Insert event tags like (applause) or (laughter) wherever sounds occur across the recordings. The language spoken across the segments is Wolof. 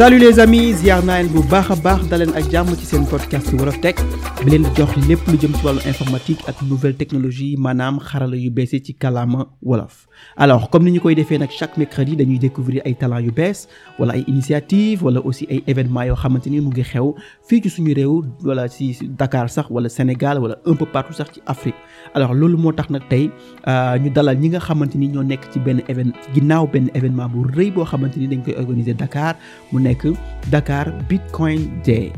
salut les amis ziar naa leen bu baax a baax daleen ak jàmm ci seen podcast Wolof Tech bi leen jox lépp lu jëm ci wàllu informatique ak nouvelle technologie maanaam xarala yu bees ci kàllaama wolof. alors comme ni ñu koy defee nag chaque mercredi dañuy découvrir ay talent yu bees wala ay initiative wala aussi ay événements yoo xamante ni mu ngi xew fii ci suñu réew wala ci dakaar sax wala Sénégal wala un peu partout sax ci Afrique alors loolu moo tax nag tey euh, ñu dalal ñi nga xamante ni ñoo nekk ci benn événement ginnaaw benn événement bu rëy boo xamante ni dañ koy organiser Dakar nekk Dakar Bitcoin Day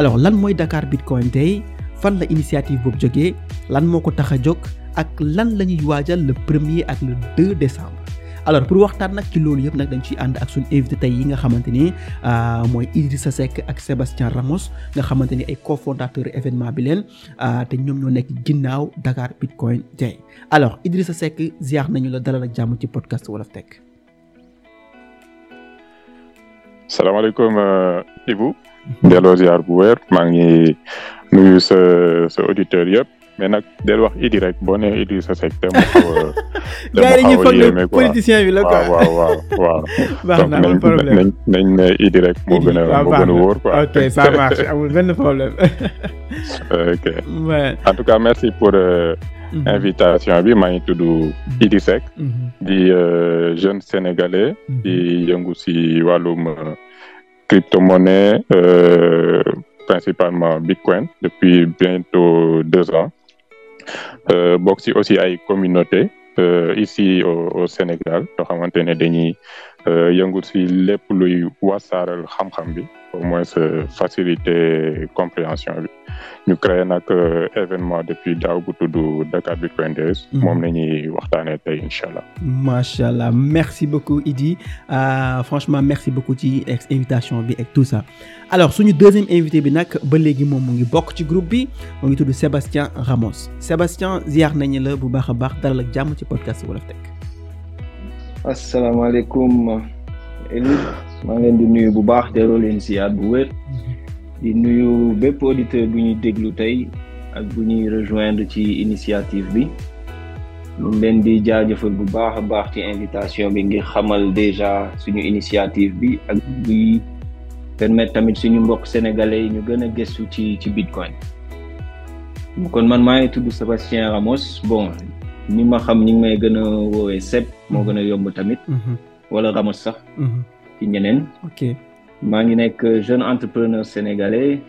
alors lan mooy Dakar Bitcoin Day fan la initiative boobu jógee lan moo ko tax a jóg ak lan la ñuy waajal le premier ak le 2 décembre. alors pour waxtaan nag ci loolu yëpp nag dañ ciy ànd ak suñu invité tey yi nga xamante ni ah, mooy Idrissa Seck ak Sébastien Ramos nga xamante ni ay cofondateur événement bi leen ah, te ñoom ñoo nekk ginnaaw Dakar Bitcoin Day alors Idrissa Seck ziar nañu la dalal ak jàmm ci podcast Wolof Tech salaamaaleykum euh, Ibou delloo ziar bu wér maa ngi nuyu sa sa auditeur yëpp mais nag del wax Idi rek boo nee Idi sa sec dem ko euh, (laughs) gars yi ñu politicien bi la quoi waaw waaw waaw (laughs) baax ne Idi rek moo moo gën a wóor quoi ok ça marche amul benn problème (laughs) ok en merci pour euh, mhm. invitation bi maa ngi tudd mhm. Idi Seck mhm. di jeune sénégalais di yëngu si wàllum crypto-monnaie, euh, principalement Bitcoin, depuis bientôt deux ans. Euh, bokk si aussi ay communauté euh, ici au, au Sénégal yoo xamante ne dañuy euh, yëngu si lépp luy wasaaral xam-xam bi au moins faciliter compréhension bi. ñu créé nag euh, événement depuis daaw bu tudd Dakar Bitcoin Days. Mm. moom la waxtaanee tey incha allah. macha allah merci beaucoup Idi euh, franchement merci beaucoup ci invitation bi ak tout ça alors suñu deuxième invité bi nag ba léegi moom mu ngi bokk ci groupe bi mu ngi tudd Sébastien Ramos Sébastien ziar nañu la bu baax a baax dalal ak jàmm ci podcast Wolof Tech. asalaamaaleykum Elie maa ngi bu baax teeloo leen si di nuyu bépp auditeur bu ñuy déglu tey ak bu ñuy rejoindre ci initiative bi ñu leen di jaajëfal bu baax a baax ci invitation bi ngir xamal déjà suñu initiative bi ak buy permettre tamit suñu mbokk sénégalais yi ñu gën a gëstu ci ci bitcoin kon man maa ngi tudd Sébastien Ramos bon ñi ma xam ñi ngi may gën a woowee Seb moo gën a yomb tamit mm-hmm. wala Ramos sax mm-hmm. ci ñeneen maa ngi nekk jeune entrepreneur sénégalais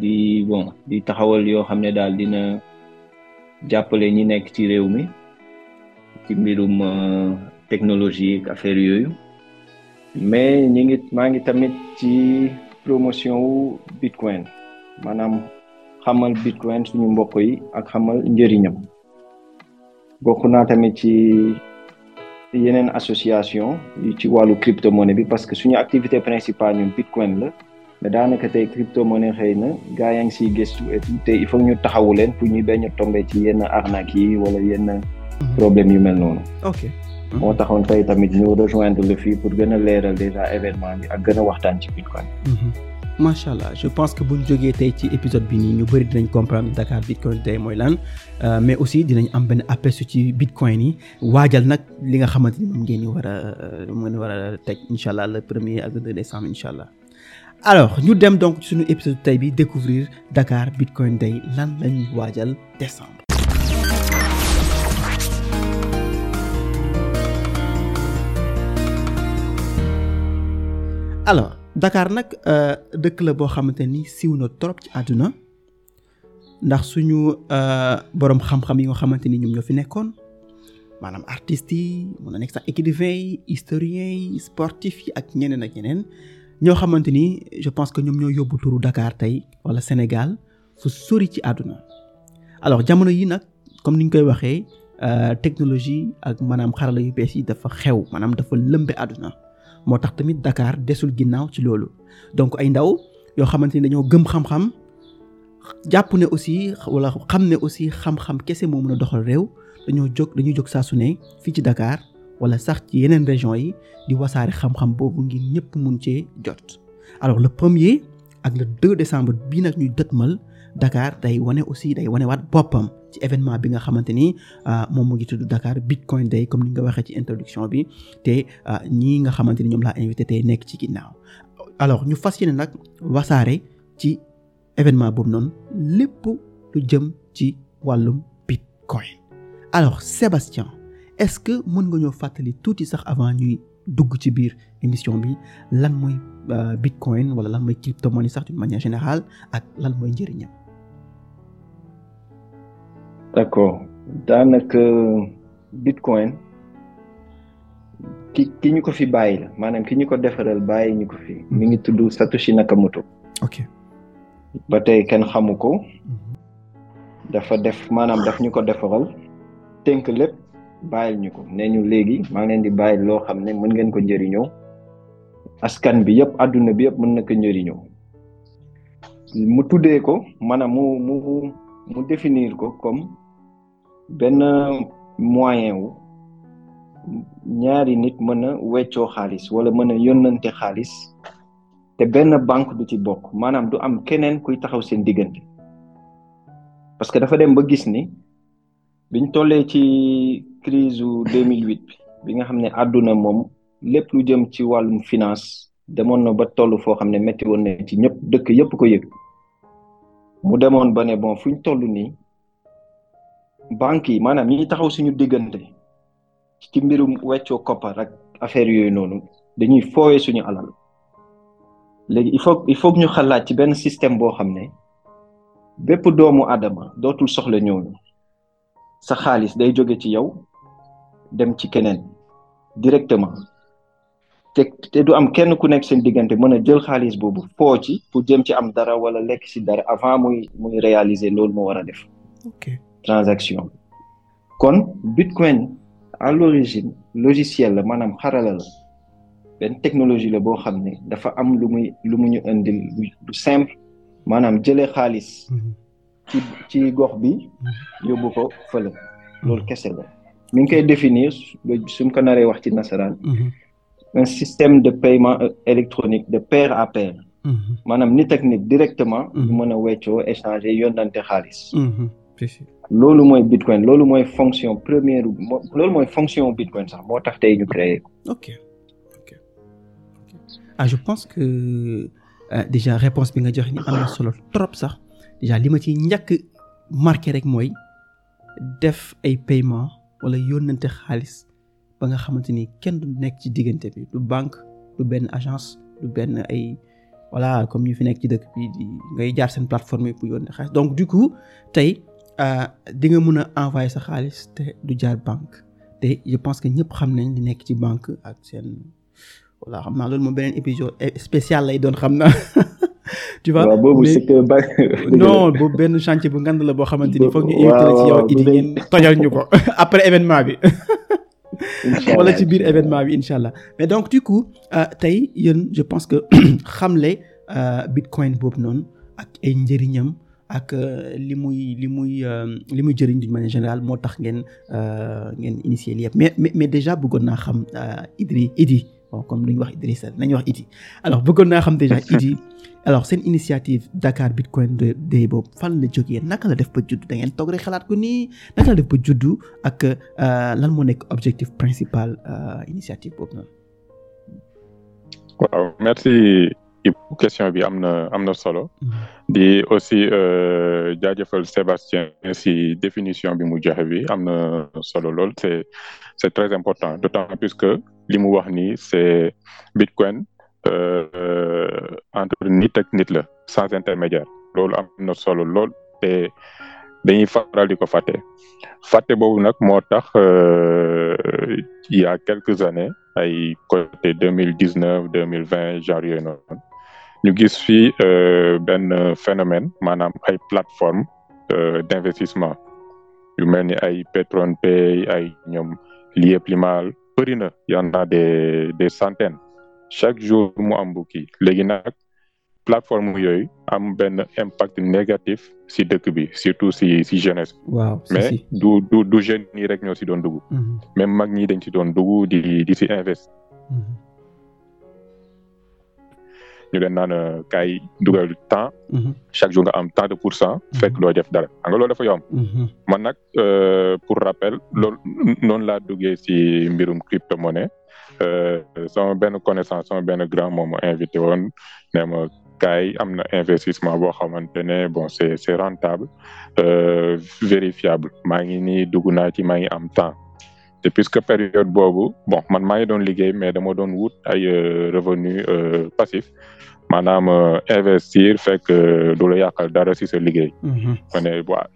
di bon di taxawal yoo xam ne daal dina jàppale ñi nekk ci réew mi ci mbirum euh, technologie ak affaire yooyu mais ñi ngit maa ngi tamit ci promotion wu bitcoin maanaam xamal bitcoin suñu mbokk yi ak xamal njëriñam bokk naa tamit ci yeneen association yu ci wàllu crypto monnaie bi parce que suñu activité principale ñun bitcoin la mais daanaka tey crypto monnaie xëy na gaa yaa ngi siy gëstu et tout il faut ñu taxawu leen pour ñu bañ a ci yenn arnaque yi wala yenn mhm. problème yu mel noonu. ok mhm. moo taxoon tey tamit ñu rejoindre le fii pour gën leeral déjà événement bi ak gën a waxtaan ci bitcoin. Mhm. macha allah je pense que bu ñu jógee tey ci épisode bi nii ñu bëri dinañ comprendre Dakar Bitcoin Day mooy lan euh, mais aussi dinañ am benn aperçu ci Bitcoin yi waajal nag li nga xamante ni moom ngeen di war a euh, ngeen war a teg incha allah le premier ak le deux décembre incha allah. alors ñu dem donc suñu épisode tey bi découvrir Dakar Bitcoin Day lan lañuy waajal décembre. Dakar nag euh, dëkk la boo xamante ni siiw na trop ci àdduna ndax suñu euh, borom xam-xam yi nga xamante ni ñoom ñoo fi nekkoon maanaam artistes yi mën a nekk sax écrivains yi historiens yi sportifs yi ak ñeneen ak ñeneen ñoo xamante ni je pense que ñoom ñoo yóbbu turu dakaar tey wala Sénégal fu sori ci àdduna alors jamono yi nag comme ni ñu koy waxee euh, technologie ak maanaam xarala yu bees yi dafa xew maanaam dafa lëmbe àdduna moo tax tamit dakaar desul ginnaaw ci loolu donc ay ndaw yoo xamante ni dañoo gëm xam-xam jàpp ne aussi wala xam ne aussi xam-xam kese moo mën a doxal réew dañoo jóg dañuy jóg saa su ne fii ci dakaar wala sax ci yeneen région yi di wasaare xam-xam boobu ngir ñëpp mun cee jot. alors le premier ak le 2 décembre bii nag ñuy dëtmal dakaar day wane aussi day wane waat boppam. ci événement bi nga xamante ni euh, moom mu ngi tudd Dakar Bitcoin Day comme ni nga waxee ci introduction bi te euh, ñii nga xamante ni ñoom laa invité tey nekk ci ginnaaw alors ñu fas yéene nag wasaare ci événement boobu noonu lépp lu jëm ci wàllum Bitcoin alors Sébastien est-ce que mën nga ñoo fàttali tuuti sax avant ñuy dugg ci biir émission bi lan mooy euh, Bitcoin wala lan mooy crypto-monnaie sax d'une manière générale ak lan mooy njëriñam. d'accord daanaka bitcoin ki ki ñu ko fi bàyyi maanaam ki ñu ko defaral bàyyi ñu ko fi. Mhm. mi ngi tudd Satoshi Nakamoto. ok ba tey kenn xamu ko. Mhm. dafa def maanaam daf ñu ko defaral tenk lépp bàyyil ñu ko nee ñu léegi maa ngi di bàyyil loo xam ne mën ngeen ko njëriñoo askan bi yëpp adduna bi yëpp mën na ko njëriñoo mu tuddee ko maanaam mu mu mu définir ko comme benn moyen wu ñaari nit mën a weccoo xaalis wala mën a yónnante xaalis te benn banque du ci bokk maanaam du am keneen kuy taxaw seen diggante parce que dafa dem ba gis ni biñ tollee ci crise u 2008 bi nga xam ne àdduna moom lépp lu jëm ci wàllum finance demoon na ba toll foo xam ne métti woon na ci ñëpp dëkk yëpp ko yëg mu demoon ba ne bon fuñ toll nii banque yi maanaam ñi taxaw suñu diggante ci mbirum weccoo koppar ak affaire yooyu noonu dañuy fooyee suñu alal léegi il faut il faut ñu xalaat ci benn système boo xam ne bépp doomu Adama dootul soxla ñooñu sa xaalis day jóge ci yow dem ci keneen directement te te du am kenn ku nekk seen diggante mën a jël xaalis boobu foo ci pour jëm ci am dara wala lekk ci dara avant muy muy réaliser loolu moo war a def. transaction kon bitcoin à l'origine logiciel la maanaam xarala la benn technologie la boo xam ne dafa am lu muy lu mu ñu indil lu simple maanaam jëlee xaalis mhm. ci gox bi mhm. yóbbu ko fële mhm. loolu kese la mi ngi koy définir suñ ko naree wax ci nasaraan un système de paiement euh, électronique de pair à pair maanaam nit ak nit directement ñu mën a weccoo échanger yónnante xaalis loolu mooy bitcoin loolu mooy fonction première loolu mooy fonction bitcoin sax moo tax tey ñu créé ko. ok ok ah je pense que euh, déjà réponse bi nga joxe ni am na solo trop sax déjà li ma ci njëkk marqué rek mooy def ay paiement wala yónnante xaalis ba nga xamante ni kenn du nekk ci diggante bi du banque du benn agence du benn ay. voilà comme ñu fi nekk ci dëkk bi di ngay jaar seen plateforme yi pour xaalis donc du coup tey Euh, di nga mën a envoyer sa xaalis te du jaar banque te je pense que ñëpp xam nañ li nekk ci banque ak seen voilà xam naa loolu moom beneen épisode spécial lay doon xam na (laughs) tu vois boobu secteur banque. (laughs) non boobu benn chantier bu ngand la boo xamante ni foog ñu invité la ci yow idi ngeen tojal ñu ko (laughs) après événement bi. wala ci biir événement bi incha allah mais donc du coup euh, tey yéen je pense que (clears throat) xamle euh, bitcoin boobu noonu ak ay njëriñam. ak euh, li muy li muy euh, li muy jëriñ général moo tax ngeen euh, ngeen initier lii yëpp mais mais déjà bëggoon naa xam Idri Idi bon comme lu ñu wax Idrissa nañu wax Idi alors bëggoon naa xam déjà Idi (laughs) alors seen initiative Dakar Bitcoin Day boobu fan la jógee naka la def ba juddu dangeen ngeen toog rek xalaat ko nii naka la def ba juddu ak lan moo nekk objectif principal initiative boobu noonu. waaw question bi am na am na solo mm-hmm. di aussi euh, jaajëfal Sébastien si définition bi mu joxe bi am na solo lool c'est c'est très important d'autant plus que li mu wax ni c'est bitcoin euh, euh, entre nit ak nit la sans intermédiaire loolu am na solo lool te dañuy faral di ko fàtte fàtte boobu nag moo tax il y a quelques années ay côté deux mille dix neuf deux mille vingt genre yooyu ñu gis fii euh, benn phénomène maanaam ay plateforme euh, d' investissement yu mel ni ay PetronPay ay ñoom Lieplimal bëri na y en a des des chaque jour mu am bu kii léegi nag plateforme yooyu am benn impact négatif si dëkk bi surtout si si jeunesse mais si. du du du jeune nii rek ñoo si doon dugg. Mhm. même mag ñi dañ si doon dugg di di si invest. Mhm. ñu leen naan euh, kay dugal temps. Mm-hmm. chaque jour nga am tant de pour cent. Mm-hmm. fekk loo def dara xam nga loolu a yomb. Mm-hmm. man nag euh, pour rappel loolu laa duggee si mbirum crypto monnaie euh, sama benn connaissance sama benn grand moom ma invité woon nee ma kaay am na investissement boo xamante ne bon c'est c'est rentable vérifiable maa ngi nii dugg naa ci maa ngi am temps. et puisque période boobu bon man maa ngi doon liggéey mais dama doon wut ay euh, revenu euh, passif maanaam euh, investir fekk du la yàqal dara si sa liggéey ma mhm. ne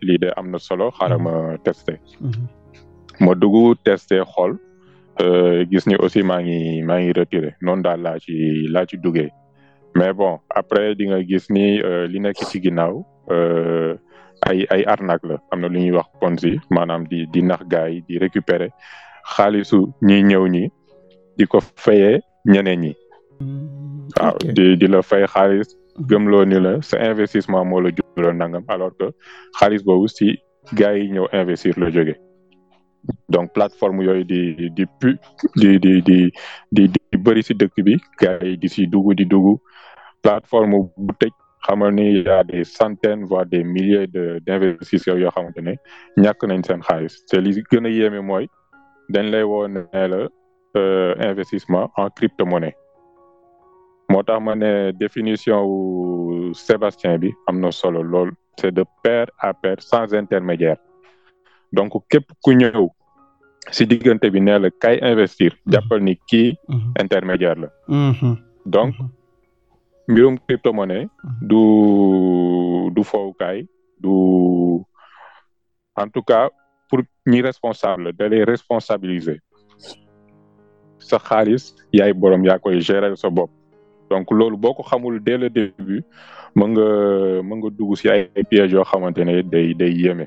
lii de am na solo xaaral ma mhm. testé mhm. ma dugg testé xool gis ni aussi maa ngi maa ngi retiré noonu daal ci laa ci duggee bon après di nga gis ni li nekk ci ginnaaw ay ay arnaque la am na lu ñuy wax ponzi maanaam di di nax gars yi di récupérer xaalisu ñiy ñëw ñi di ko fayee ñeneen ñi. waaw mm, ah, di la fay xaalis mm. gëmloo ni la sa investissement moo la jural alors que xaalis boobu si gars yi ñëw investir la jóge donc plateforme yooyu di di di di di di bëri si dëkk bi gars yi di si dugg di dugg plateforme bu tëj xamal ni il y a des centaines voire des milliers de d'investisseurs yoo xamante ne ñàkk nañ seen xaalis te li gën a yéeme mooy dañ lay woo ne la euh, investissement en crypto-monnaie moo tax ma ne définition wu Sébastien bi am na solo lool c'est de pair à pair sans intermédiaire donc képp ku ñëw si diggante bi nee la kay investir jàppal ni ki mhm. intermédiaire la mhm. donc mhm. mbirum cryptomonnaie mhm. du du fowukaay du en tout cas pour ñi responsable da lay responsabiliser sa xaalis yaay borom yaa koy gérer sa bopp donc loolu boo ko xamul dès le début mën nga mën nga dugg si ay pièges yoo xamante ne day day yéeme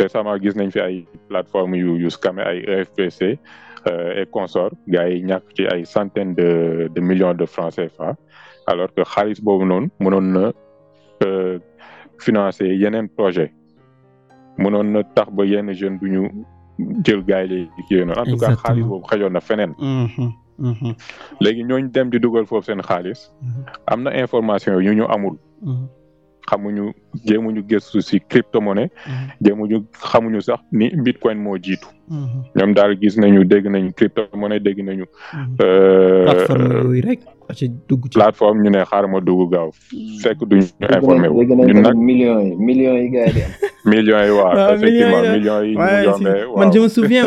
récemment gis nañ fi ay plateforme yu yu scammer ay EFPC euh, et consorts gars yi ñàkk ci ay centaines de de millions de francs CFA alors que xaalis boobu noonu mënoon na euh, financer yeneen projet mënoon na tax ba yenn jeunes du ñu jël gaay yi kii noonu en tout cas xaalis boobu xajoon na feneen mm-hmm. Mm-hmm. léegi ñooñ dem di dugal foofu seen xaalis mm-hmm. am na information yu ñu amul xamuñu jéemuñu gëstu si crypto monnaie jéemuñu xamuñu sax ni bitcoin moo jiitu Mm-hmm. ñoom daal gis nañu dégg nañu crypto monnaie dégg nañu. Mm-hmm. Euh, plateforme yooyu rek. ci dugg ci plateforme ñu ne xaaral ma dugg gaaw mm-hmm. fekk duñu informé wu. ñun nag millions yi millions yi gars yi (laughs) millions yi waaw effectivement yi ñu yombee man je me souviens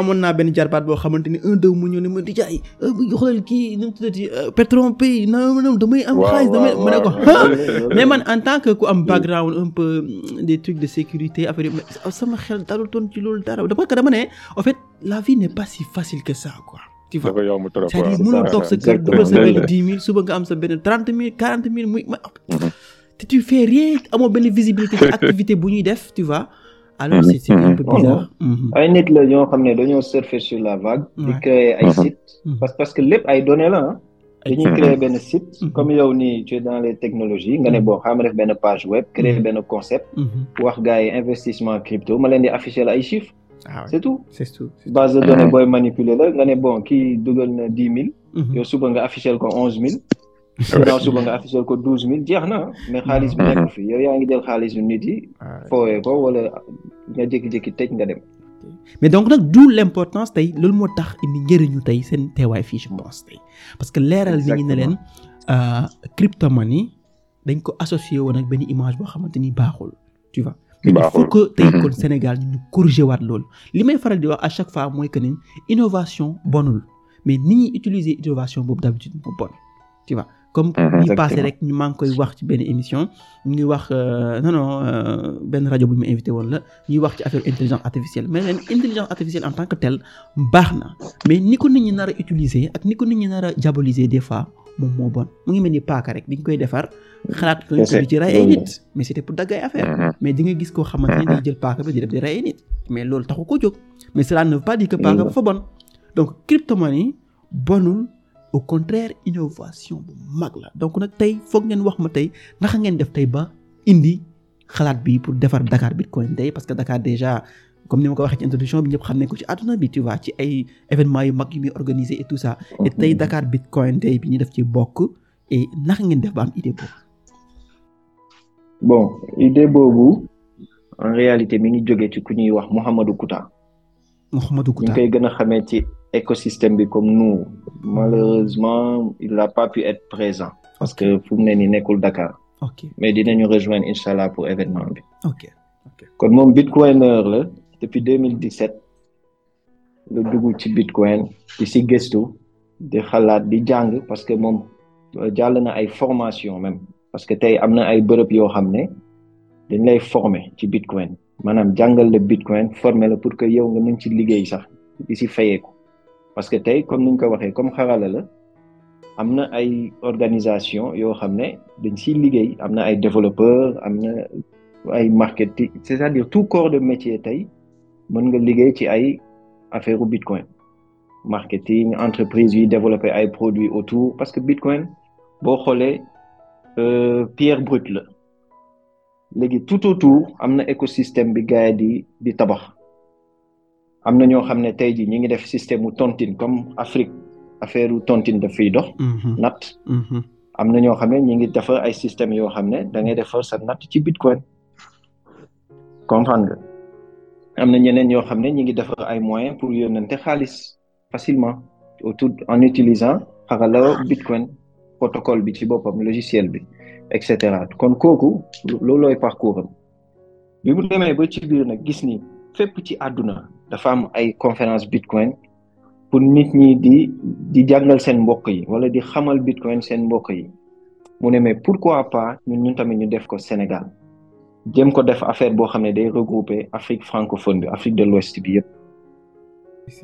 amoon naa benn jarbaat boo xamante ni un deux mu ñëw ne ma di jaay euh, xoolal kii nu mu tuddati euh, pétrole pays non damay am ko ah! (laughs) mais man en tant que ku am background un peu mm, des trucs de sécurité affaire yi sama xel dalul toon ci loolu dara que dama ne en fait la vie n'est pas si facile que ça quoi. tu vois cest toog sa kër dugal sa benn am sa benn trente mille quarante mille muy. Mhm. te tu fais rien amoo benn visibilité ci (laughs) activité bu ñuy def tu vois. alors mhm. mhm. ay nit la ñoo xam ne dañoo surfer sur la vague. di créer ay sites. parce que lépp ay données la ah. dañuy créer benn site comme yow nii tu es dans les technologies nga ne boo xam def benn page web créer benn concept wax gars yi investissement crypto ma leen di afficher la ay chiffres ah ouais. c'est tout c'est tout base de données ah booy manipuler la nga ne bon kii dugal na dix mille. Mhm. yow suba nga affiché ko onze mille. ginnaaw (laughs) suba nga affiché ko douze mille jeex na mais xaalis bi mhm. nekk fi yow yaa ngi jël xaalis bi nit yi. Ah foowee ko wala nga jékki-jékki tëj nga dem. mais donc nag d'où l'importance tey loolu moo tax indi njëriñu tey seen teewaay fii je pense tey parce que leeral nit ñi ne leen euh, cryptomanie dañ ko associé woon ak benn image boo xamante ni baaxul tu mais il faut que tey mhm. kon Sénégal ñu corriger waat loolu li may faral di wax à chaque fois mooy que ni innovation bonul mais ni ñuy utiliser innovation boobu d'habitude moo bon tu comme ñu euh, passé rek ñu maa ngi koy wax ci benn émission ñu ngi wax euh, non non euh, benn rajo bu ñu ma invité woon la ñuy wax ci affaire intelligence artificielle mais leen intelligence artificielle en tant que telle baax na mais ni ko nit ñi nar a utiliser ak ni ko nit ñi nar a diaboliser des fois moom moo bon mu ngi mel ni paaka rek di biñ koy defar xalaat ko ci rey ay nit mais c'était pour dagg mm-hmm. mais di nga gis koo xamante ni mm-hmm. day jël paaka bi di def rey ay nit mais loolu taxu ko jóg mais cela ne veut pas dire que paaka ba mm-hmm. fa bon donc cryptomanie au contraire innovation bu mag la donc nag tey foog ngeen wax ma tey naka ngeen def tey ba indi xalaat bi pour defar Dakar Bitcoin Day parce que Dakar déjà comme ni ma ko waxee ci introduction bi ñëpp xam nañ ko ci àdduna bi tu ci ay événements yu mag yu muy organisé et tout ça et tey Dakar Bitcoin Day bi ñu def ci bokk et naka ngeen def ba am idée boobu. bon idée boobu en réalité mi ngi jógee ci ku ñuy wax Mouhamadou Kouta. Mouhamadou Kouta ñu koy gën a xamee ci. écosystème bi comme nous malheureusement il n'a pas pu être présent parce que fu mu ne nii nekkul Dakar okay. mais dinañu rejoindre incha allah pour événement bi ok kon moom bitcoineur la depuis 2017 la dugg ci bitcoin di si gëstu di xalaat di jàng parce que moom euh, jàll na ay formation même parce que tey am na ay bërëb yoo xam ne dañ lay former ci bitcoin maanaam jàngal la bitcoin former la pour que yow nga mën ci liggéey sax di si fayeeku parce que tey comme ni ñu ko waxee comme xarala la am na ay organisation yoo xam ne dañ siy liggéey am na ay développeur am na ay marketing c'est-à-dire tout corps de métier tey mën nga liggéey ci ay affaire u bitcoin marketing entreprise yuy développer ay produits autour parce que bitcoin boo xoolee euh, pierre brute la léegi tout autour am na écosystème bi gars di di tabax am na ñoo xam ne tey jii ñu ngi def système mu tontine comme Afrique affaire u tontine daf fiy dox. Mhm. natt. Mhm. am na ñoo xam ne ñu ngi defar ay système yoo xam ne da ngay defar sa natt ci bitcoin. comprendre am na ñeneen yoo xam ne ñu ngi defar ay moyens pour yónnante xaalis facilement autour en utilisant xarala bitcoin protocole bi ci boppam logiciel bi et cetera kon kooku loolooy parcours am bi mu demee ba ci biir nag gis ni fépp ci àdduna. dafa am ay conférence bitcoin pour nit ñi di di jàngal seen mbokk yi wala di xamal bitcoin seen mbokk yi mu ne mais pourquoi pas ñun ñun tamit ñu def ko Sénégal jëm ko def affaire boo xam ne day regrouper Afrique francophone bi Afrique de l'Ouest bi yëpp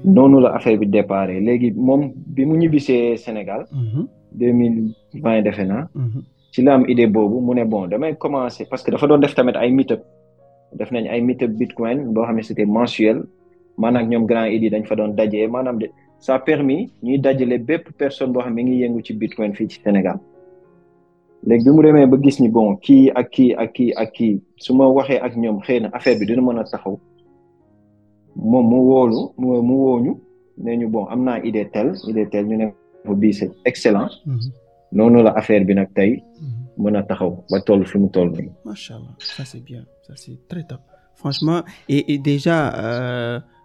noonu la affaire bi départ léegi moom bi mu ñibbisee Sénégal mhm. deux mille vingt naa mhm. ci la am idée boobu mu ne bon damay commencer parce que dafa doon def tamit ay meet def nañ ay meet-up bitcoin boo xam ne c'était mensuel man ñoom grand idi dañ fa doon dajee maanaam de ça a permis ñuy dajale bépp personne boo xam ne mi ngi yëngu ci bitcoin fii ci Sénégal léegi bi mu demee ba gis ni bon kii ak kii ak kii ak kii su ma waxee ak ñoom xëy na affaire bi dina mën a taxaw moom mu woolu mu wooñu ne ñu bon am naa idée tel idée tel ñu ne ko bii c'est excellent mhm. noonu la affaire bi nag tey mhm. mën a taxaw ba toll fi mu toll nii macha allah ça c'est bien ça c'est très top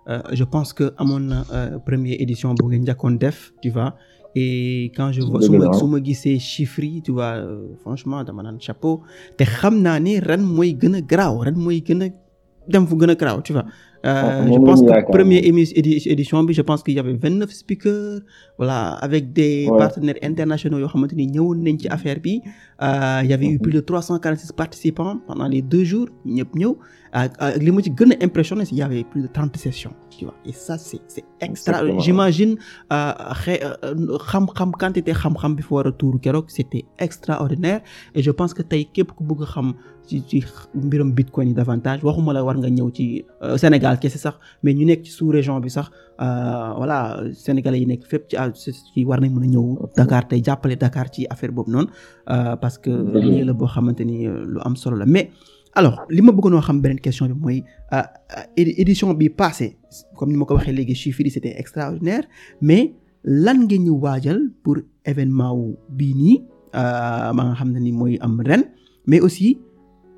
Euh, je pense que amoon na euh, première édition bu ngeen njëkkoon def tu vois et quand je vois su ma gisee chiffres yi tu vois euh, franchement dama chapeau te xam naa ne ren mooy gën a garaaw ren mooy gën a dem fu gën a garaaw tu vois Euh, ah, je pense que première édition bi je pense qu'il y avait vingt neuf speakers voilà avec des ouais. partenaires internationaux yoo xamante ni ñëwoon nañ ci affaire bi euh, il y avait eu mm-hmm. plus de trois cent quarante six participants pendant les deux jours ñëpp ñëw ak li ma ci gën a impressionné si y avait plus de trente sessions tu vois et ça c'est c'est extra j'imagine xe euh, euh, xam-xam quantité xam-xam bi fa war a tuuru keroog c'était extraordinaire et je pense que tey képp ku bëgg xam ci ci mbirum bitcoin yi davantage waxuma la war nga ñëw ci euh, Sénégal kese sax mais ñu nekk ci sous région bi sax euh, voilà sénégalais yi nekk fépp ci ci war nañ mën a ñëw Dakar tey jàppale Dakar ci affaire boobu noonu euh, parce que lii la boo xamante ni lu am solo la mais alors li ma bëggoon xam beneen question bi mooy édition bi passé comme ni ma ko waxee léegi chiffres yi c'était extraordinaire mais lan ngeen ñu waajal pour événement wu bii nii maa nga xam ne ni mooy am ren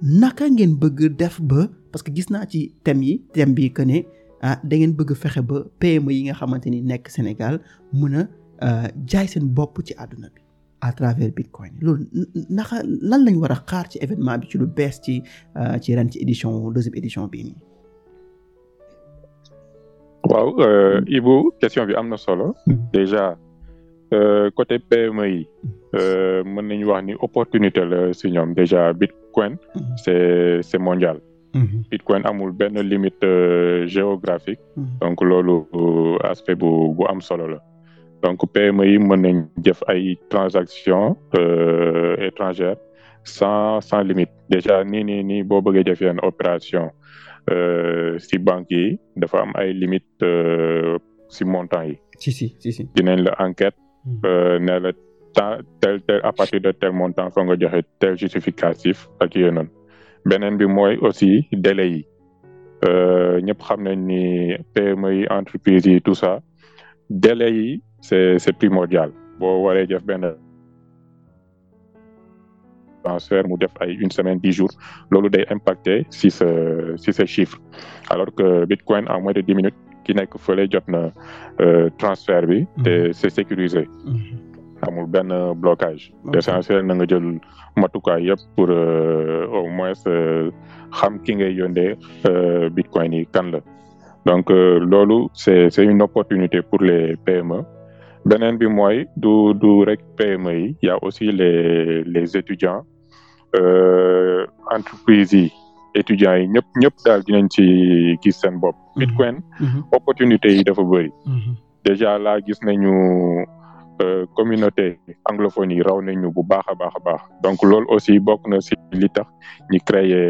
naka ngeen bëgg def ba parce que gis naa ci thème yi thème bi que ne ah da ngeen bëgg fexe ba PME yi nga xamante ni nekk Sénégal mën a euh, jaay seen bopp ci àdduna bi à travers Bitcoin loolu naka lan lañ war a xaar ci événement bi ci lu bees ci euh, ci ren ci édition deuxième édition bii nii. waaw euh, mm. Ibou question bi am na solo. Mm. déjà côté PME yi. Mm. mën nañu wax ni opportunité la si ñoom déjà Bitcoin mhm. c'est c'est mondial mhm. Bitcoin amul benn limite euh, géographique mhm. donc loolu euh, aspect bu bu am solo la donc PME yi mën nañ def ay transactions euh, étrangères sans sans limite déjà ni nii nii boo bëggee def yenn opération si banque yi dafa am ay limite si montant yi si si si la enquête ne temps tel de tel montant foo nga joxe tel justificatif ak yooyu noonu beneen bi mooy aussi délai yi euh, ñëpp xam nañ ni PME yi entreprise yi tout ça délai yi c'est c'est primordial boo waree jef benn transfert mu def ay une semaine dix jours loolu day impacter si sa si sa chiffre alors que Bitcoin en moins de dix minutes ki nekk fële jot na euh, transfert bi te mhm. c'est sécurisé. Mhm. amul benn blocage. Okay. essentiel na nga jël matukaay yëpp pour euh, au moins euh, xam ki ngay yónnee euh, bitcoin yi kan la donc loolu c'est c'est une opportunité pour les PME. beneen bi mooy du du rek PME yi y aussi les les étudiants euh, entreprises yi étudiants yi ñëpp ñëpp daal dinañ ci gis seen bopp. Mhm. Bitcoin. Mhm. opportunité yi dafa bëri. Mhm. déjà là gis nañu. Euh, communauté anglophone yi raw nañu bu baax a baax a baax donc loolu aussi bokk na si li tax ñu créer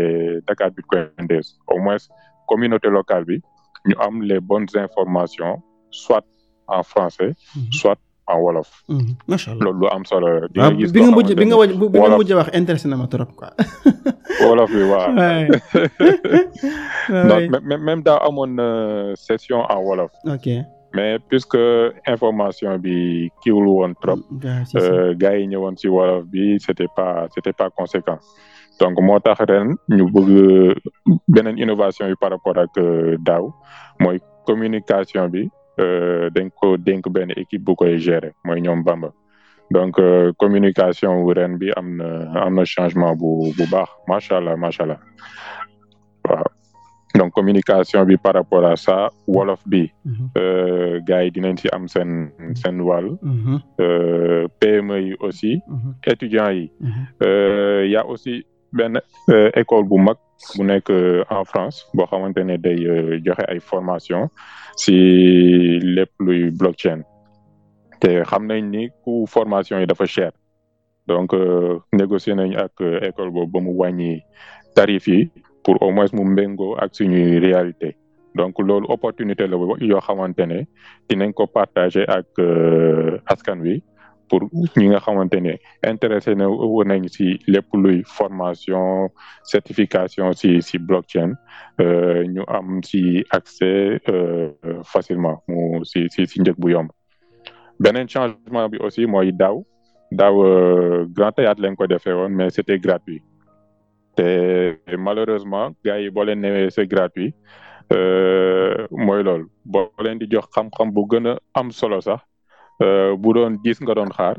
Dakar Bitcoin Days au moins communauté locale bi ñu am les bonnes informations soit en français mhm. soit en wolof. Mhm. macha allah loolu lu am solo. di nga ah, gis bi nga mujj nga waj bi nga mujj wax intéressé na ma trop quoi. (laughs) wolof bi waaw. donc (laughs) (laughs) même daaw amoon euh, session en wolof. mais puisque information bi kiwul woon trop. gars yi euh, ñëwoon si wolof bi c'était pas c'était pas conséquent. donc moo tax ren ñu bëgg beneen innovation yi par rapport ak euh, daaw mooy communication bi euh, dañ ko dénk benn équipe bu koy gérer mooy ñoom Bamba. donc communication wu ren bi am na am na changement bu bu baax macha allah macha allah waaw. donc communication bi par rapport à sa wolof bi. Mhm. Euh, gars yi dinañ ci am seen seen wàll. Mhm. Euh, PME yi aussi. Mhm. étudiants yi. Euh, ya a aussi benn école bu mag bu nekk en France boo xamante ne day joxe ay formation ci lépp luy blockchain te xam nañ ni ku formation yi dafa cher donc négocier nañ ak école boobu ba mu wàññi tarif yi. pour au moins mu méngoo ak suñuy réalité donc loolu opportunité la yoo xamante ne dinañ ko partager ak euh, askan wi pour ñi nga xamante ne intéressé na woon nañ si lépp formation certification si si blockchain euh, ñu am si accès euh, facilement mu si si si njëg bu yomb. beneen changement bi aussi mooy daaw daaw grand théâtre lañ ko defee woon mais c'était gratuit. te malheureusement gars yi boo ne newee c'est gratuit euh, mooy loolu boo leen di jox xam-xam bu gën a am solo sax euh, bu doon gis nga doon xaar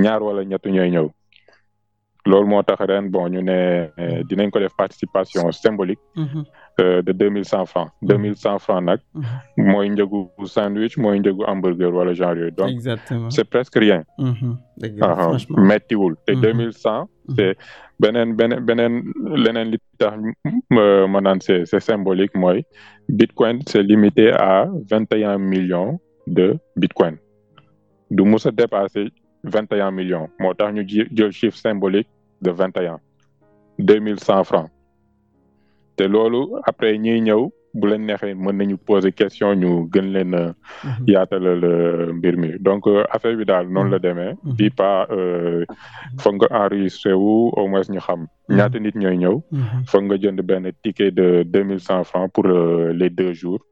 ñaar wala ñett ñooy ñëw loolu moo tax ren bon ñu ne euh, dinañ ko def participation symbolique. Mm-hmm. Euh, de deux mille cent francs mm-hmm. deux mille cent francs nag mm-hmm. mooy njëgu sandwich mooy njëgu hamburger wala genre yooyu donc Exactement. c'est presque rien waaw mm-hmm. ah, ah, mettiwul te deux mille cent c'est beneen beneen beneen leneen li tax euh, ma naan c'est c'est symbolique mooy bitcoin c'est limité à vingt et un millions de bitcoin du mus a dépasser vingt et millions moo tax ñu jël chiffre symbolique de vingt et un mille cent francs te loolu après ñiy ñëw bu leen neexee mën nañu poser question ñu gën leen a mhm. euh, mbir mi donc euh, affaire bi daal noonu la mhm. demee. bii mhm. pas euh, foog nga enregistré wu au moins ñu xam ñaata nit ñooy ñëw. foog nga jënd benn ticket de deux mille cent francs pour les deux jours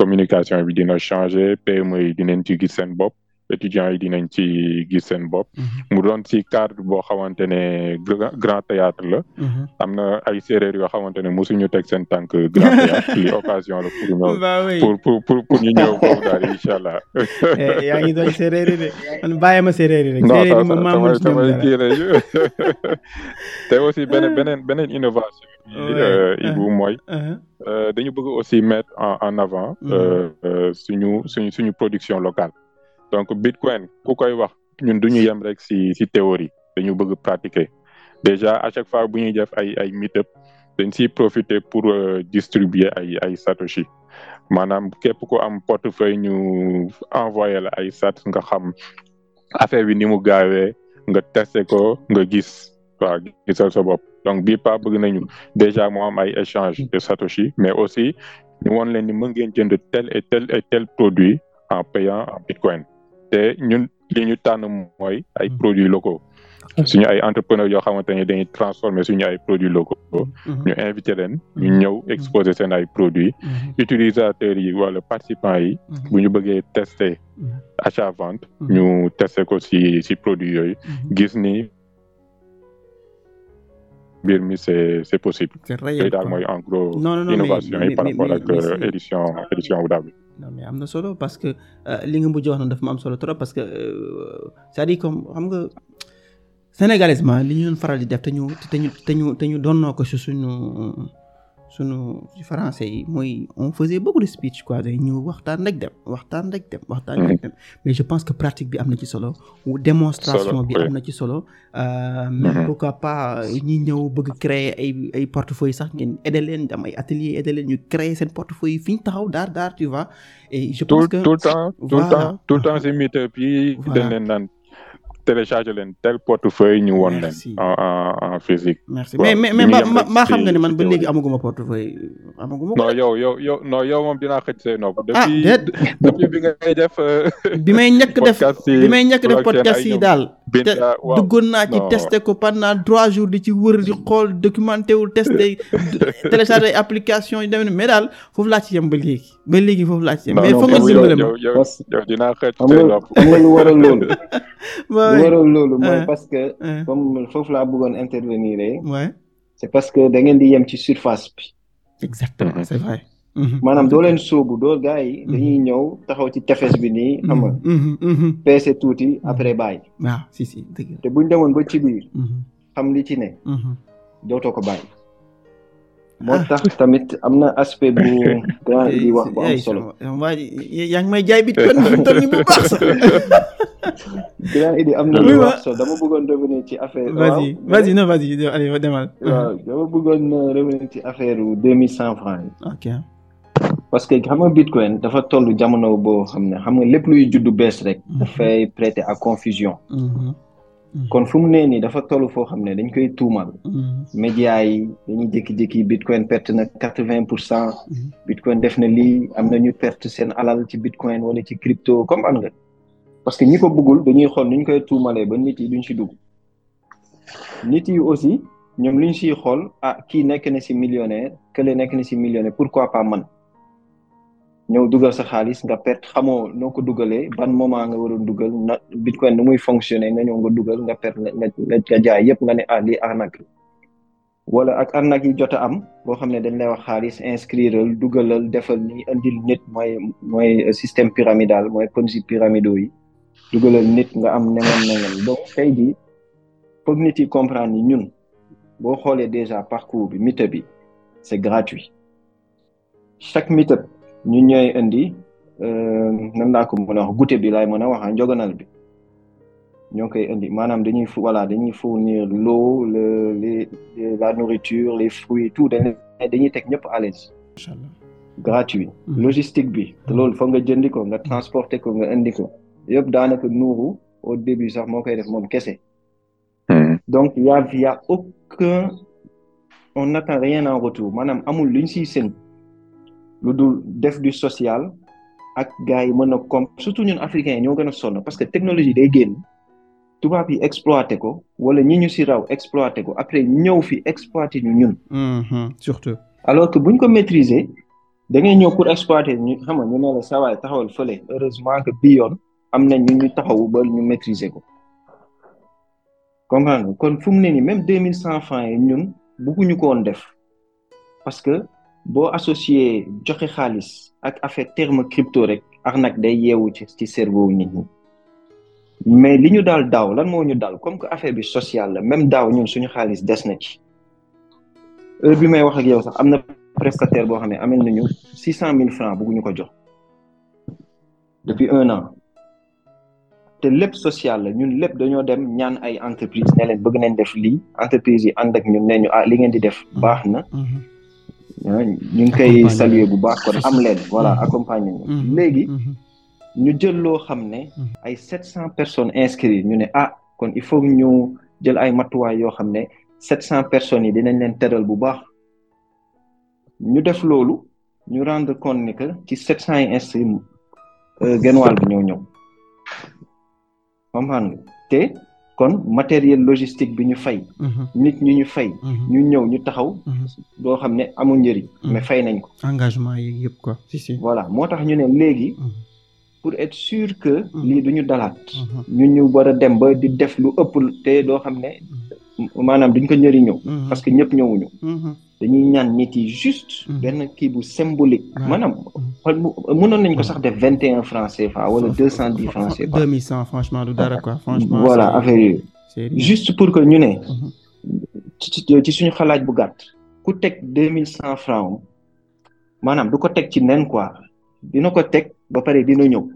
communication bi dina changer PME yi dinañ ci gis seen bopp. étudiants yi dinañ ci gis seen bopp. Mhm. mu doon ci cadre boo xamante ne grand théâtre la. Mhm. am na ay séeréer yoo xamante ne mosuñu teg seen tànk grand théâtre li (laughs) occasion la pour ñëw. pour ñu ñëw foofu daal incha allah. Eh, yaa ngi doon séeréer de man bàyyi ma rek. (laughs) te aussi beneen ah. beneen beneen innovation. Euh, Ibu ah. mooy ah. Euh, dañu bëgg aussi mettre en en avant. Mm-hmm. Euh, suñu suñu suñu production locale. donc bitcoin ku koy wax ñun du ñu yem rek si si théorie dañu bëgg pratiquer déjà à chaque fois bu ñuy def ay ay meetup dañ siy profiter pour euh, distribuer ay ay satoshi maanaam képp ko am portefeuille ñu envoyé la ay sat nga xam affaire bi ni mu gaawee nga testé ko nga gis waaw gisal sa bopp donc bii pa bëgg nañu déjà moo am ay échange de satoshi mais aussi ñu woon leen ni mën ngeen jënd tel et tel et tel produit en payant en bitcoin te ñun li ñu tànn mooy ay mm. produits locaux suñu ay entrepreneurs yoo xamante ne dañuy si suñu ay produits locaux mm-hmm. ñu invité leen ñu mm-hmm. ñëw mm-hmm. exposé seen ay produit utilisateurs yi wala participants yi bu ñu bëggee teste a achat vente ñu tester ko si si produits yooyu gis ni mbir mi c'est c'est possible. c'est réel daal mooy en gros. innovation yi par rapport ak euh, édition édition wu daaw bi non mais am na solo parce que euh, li nga mujj wax noonu daf ma am solo trop parce que euh, cest à comme xam nga sénégalaisement li ñu doon faral di def te ñu te ñu te ñu te ñu doon noo ko si suñu sunu français yi mooy on faisait beaucoup de speech quoi day ñëw waxtaan rek dem waxtaan rek dem waxtaan mhm. mais je pense que pratique bi am na ci solo démonstration bi am na ci solo euh, même mhm. pourquoi pas euh, ñi ñëw bëgg créer ay ay portefeuille sax ngeen aider leen am ay atelier aider leen ñu créer seen portefeuille fi ñu taxaw daar daar tu vois et je pense que tout le temps tout le temps si meetup yi dañ leen téléchargé leen tel portefeuille ñu won leen. en en physique. merci mais mais mais maa xam nga ni man ba léegi amaguma portefeuille amaguma ko. non moom dinaa xëcc say ah bi ngay def. Euh, (laughs) bi may ñàkk def bi may ñàkk def podcast yi daal. te duggoon naa ci testé ko pendant trois jours di ci wër di xool documenté wul testé (laughs) téléchargé application yi demee mais daal foofu laa ci yem ba léegi ba léegi foofu laa ci yem. mais foog nga dimbale ma yow yow dinaa loolu. (laughs) waral loolu ah. mooy parce que ah. comme foofu laa bëggoon intervenir ouais c'est parce que da ngeen di yem ci surface exactement c'est vrai mhm. maanaam doo leen sóobu doo gars yi mhm. dañuy ñëw taxaw ci tefes bi nii mhm. xam tuuti après baay ah, waaw si te buñ demoon ba ci biir xam li ci ne ko bàyyi moo tax tamit am na aspect bu (laughs) grand di wax bu am solo waa may jaay bitcoin bi mu baax sax (laughs) dinaa indi am na lu wax dama bëggoon ci affaire. waaw vas-y vas-y y allez demal. waaw dama bëggoon revenir ci affaire wu euh, deux mille cent franc yi. parce que xam nga bitcoin dafa toll jamono boo xam ne xam nga lépp luy juddu bees rek. Mhm. dafay prêter à confusion. Mhm. Mhm. kon fu mu nee nii dafa toll foo xam ne dañ koy tuumal. média yi dañuy jékki-jékki bitcoin perte na quatre vingt pour cent. bitcoin def na lii am na ñu perte seen alal ci bitcoin wala ci crypto comme an nga. parce que ñi ko bëggul dañuy xool ni koy tuumalee ba nit yi duñ si dugg nit yi aussi ñoom liñ siy xool a ah, kii nekk na si millionnaire kële nekk na si millionnaire pourquoi pas man ñëw dugal sa xaalis nga perte xamoo noo ko dugalee ban moment nga war a dugal na bitcoin nu muy fonctionner nga ñëw nga dugal nga perte nga nga jaay yëpp nga ne ah lii arnaque wala ak arnaque jot a am boo xam ne dañ lay wax xaalis inscrireal dugalal defal ni indil nit mooy mooy système pyramidal mooy ponzi pyramido yi dugalal nit nga am nengoon nengoon donc tey jii pour nit yi comprendre ni ñun boo xoolee déjà parcours bi meetup bi c'est gratuit chaque meetup ñu ñooy indi euh, nan laa ko mën a bi laay mën a wax ah njogonal bi ñoo koy indi maanaam dañuy fu voilà dañuy fournir l'eau le la nourriture les fruits tout dañuy dañuy teg ñëpp à l'aise gratuit mm-hmm. logistique bi te loolu foog nga jëndi ko nga transporter ko nga indi ko yëpp daanaka nuuru au début sax moo koy def moom kese. Hmm. donc y a y a aucun on n'attend rien en retour maanaam amul luñ siy seen lu dul def du sociale ak gars yi mën a comme surtout ñun africains yi ñoo gën a sonn parce que technologie day génn tubaab yi exploité ko wala ñi ñu si raw exploité ko après ñëw fi exploité ñu ñun. Hmm, alors que buñ ko maîtriser da ngay ñëw pour exploité ñu xam nga ñu saa taxawal fële heureusement que bii yoon. am na ñu ñu taxawu ba ñu maîtriser ko comprendre kon fu mu ne ni même deux mille cent francs yi ñun bëgguñu ko def parce que boo associer joxe xaalis ak affaire terme crypto rek ax nag day yeewu ci ci wu nit ñi mais li ñu daal daaw lan moo ñu daal comme que affaire bi sociale la même daaw ñun suñu xaalis des na ci heure bi may wax ak sax am na prestataire boo xam ne amel nañu six cent mille francs bëgguñu ko jox depuis un an te lépp social la ñun lépp dañoo dem ñaan ay entreprise ne leen bëgg nañ def lii entreprise yi ànd ak ñun ne ñu ah li ngeen di def baax na mm-hmm. ah, ñu ngi koy saluer bu baax kon am leen voilà mm-hmm. accompagner ñu mm-hmm. léegi ñu jël loo xam ne ay sept cent personnes inscrites ñu ne ah kon il faut ñu jël ay matuwaay yoo xam ne sept cent personnes yi dinañ leen teral bu baax ñu def loolu ñu rendre compte ni que ci sept cent yi inscrits euh, genn wàll bi ñëw comprendre nga te kon matériel logistique bi ñu fay. Mhm. nit ñu ñu fay. Mhm. ñu ñëw ñu taxaw. doo mhm. xam ne amul njëriñ. mais fay nañ ko. engagement yi yëpp quoi si voilà moo tax ñu ne léegi. pour être sur que. lii du ñu dalaat. ñu ñu war a dem ba di def lu ëpp te doo xam ne maanaam duñ ko njëriñoo. parce que ñëpp ñëwuñu. dañuy ñaan nit yi juste. Mm. benn kii bu symbolique. maanaam mm. mënoon nañ ko sax def vingt et un francs CFA wala deux cent dix francs CFA. deux mille cent franchement du dara quoi franchement. voilà affaire yooyu. juste pour que ñu ne. Mm-hmm. ci ci suñu xalaat bu gàtt. ku teg deux mille cent francs maanaam du ko teg ci nen quoi dina ko teg ba pare dina ñëw.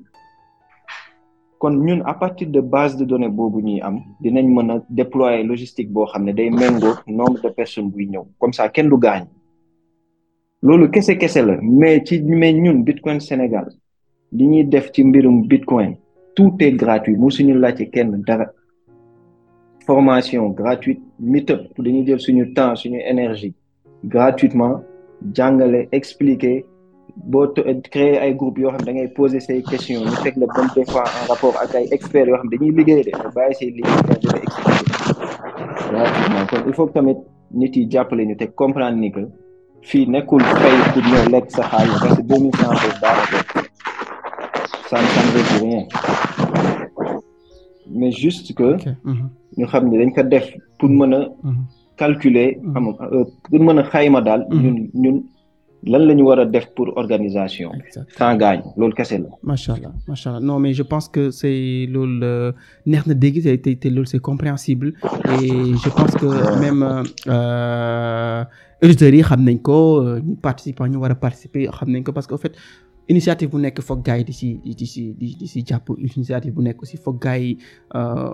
kon ñun à partir de base de données boobu ñuy am dinañ mën a déployer logistique boo xam ne day méngoo nombre de personnes buy ñëw comme ça kenn du gaañ loolu kese kese la mais ci mais ñun Bitcoin Sénégal li ñuy def ci mbirum Bitcoin tout est gratuit mu suñu laajte kenn dara formation gratuite meetup dañuy jël suñu temps suñu énergie gratuitement jàngale expliquer boo créer ay groupe yoo xam da ngay poser say questions ñu teg la bonne des fois en rapport ak ay experts yoo xam dañuy liggéey de bàyyi say liggéey daal di la expliquer gratuitement kon il faut que tamit nit yi jàppale ñu te comprendre ni que fii nekkul fay pour ñëw lekk sa xaalis parce que deux mille ne change rien mais mhm. ñu xam ne dañ ko def pour mën a mhm. calculer mhm. Euh, mën a xayma daal ñun ñun lan la ñu war a def pour organisation bi sans gaañ loolu kese la macha allah macha allah non mais je pense que c'est loolu euh, neex na dégg te te loolu c'est compréhensible et je pense que même euh, euh, auditeurs yi xam nañ ko ñu participants ñu war a participer xam nañ ko parce que en fait initiative bu nekk foog gars yi di ci di ci di si jàpp initiative bu nekk aussi foog gars yi euh,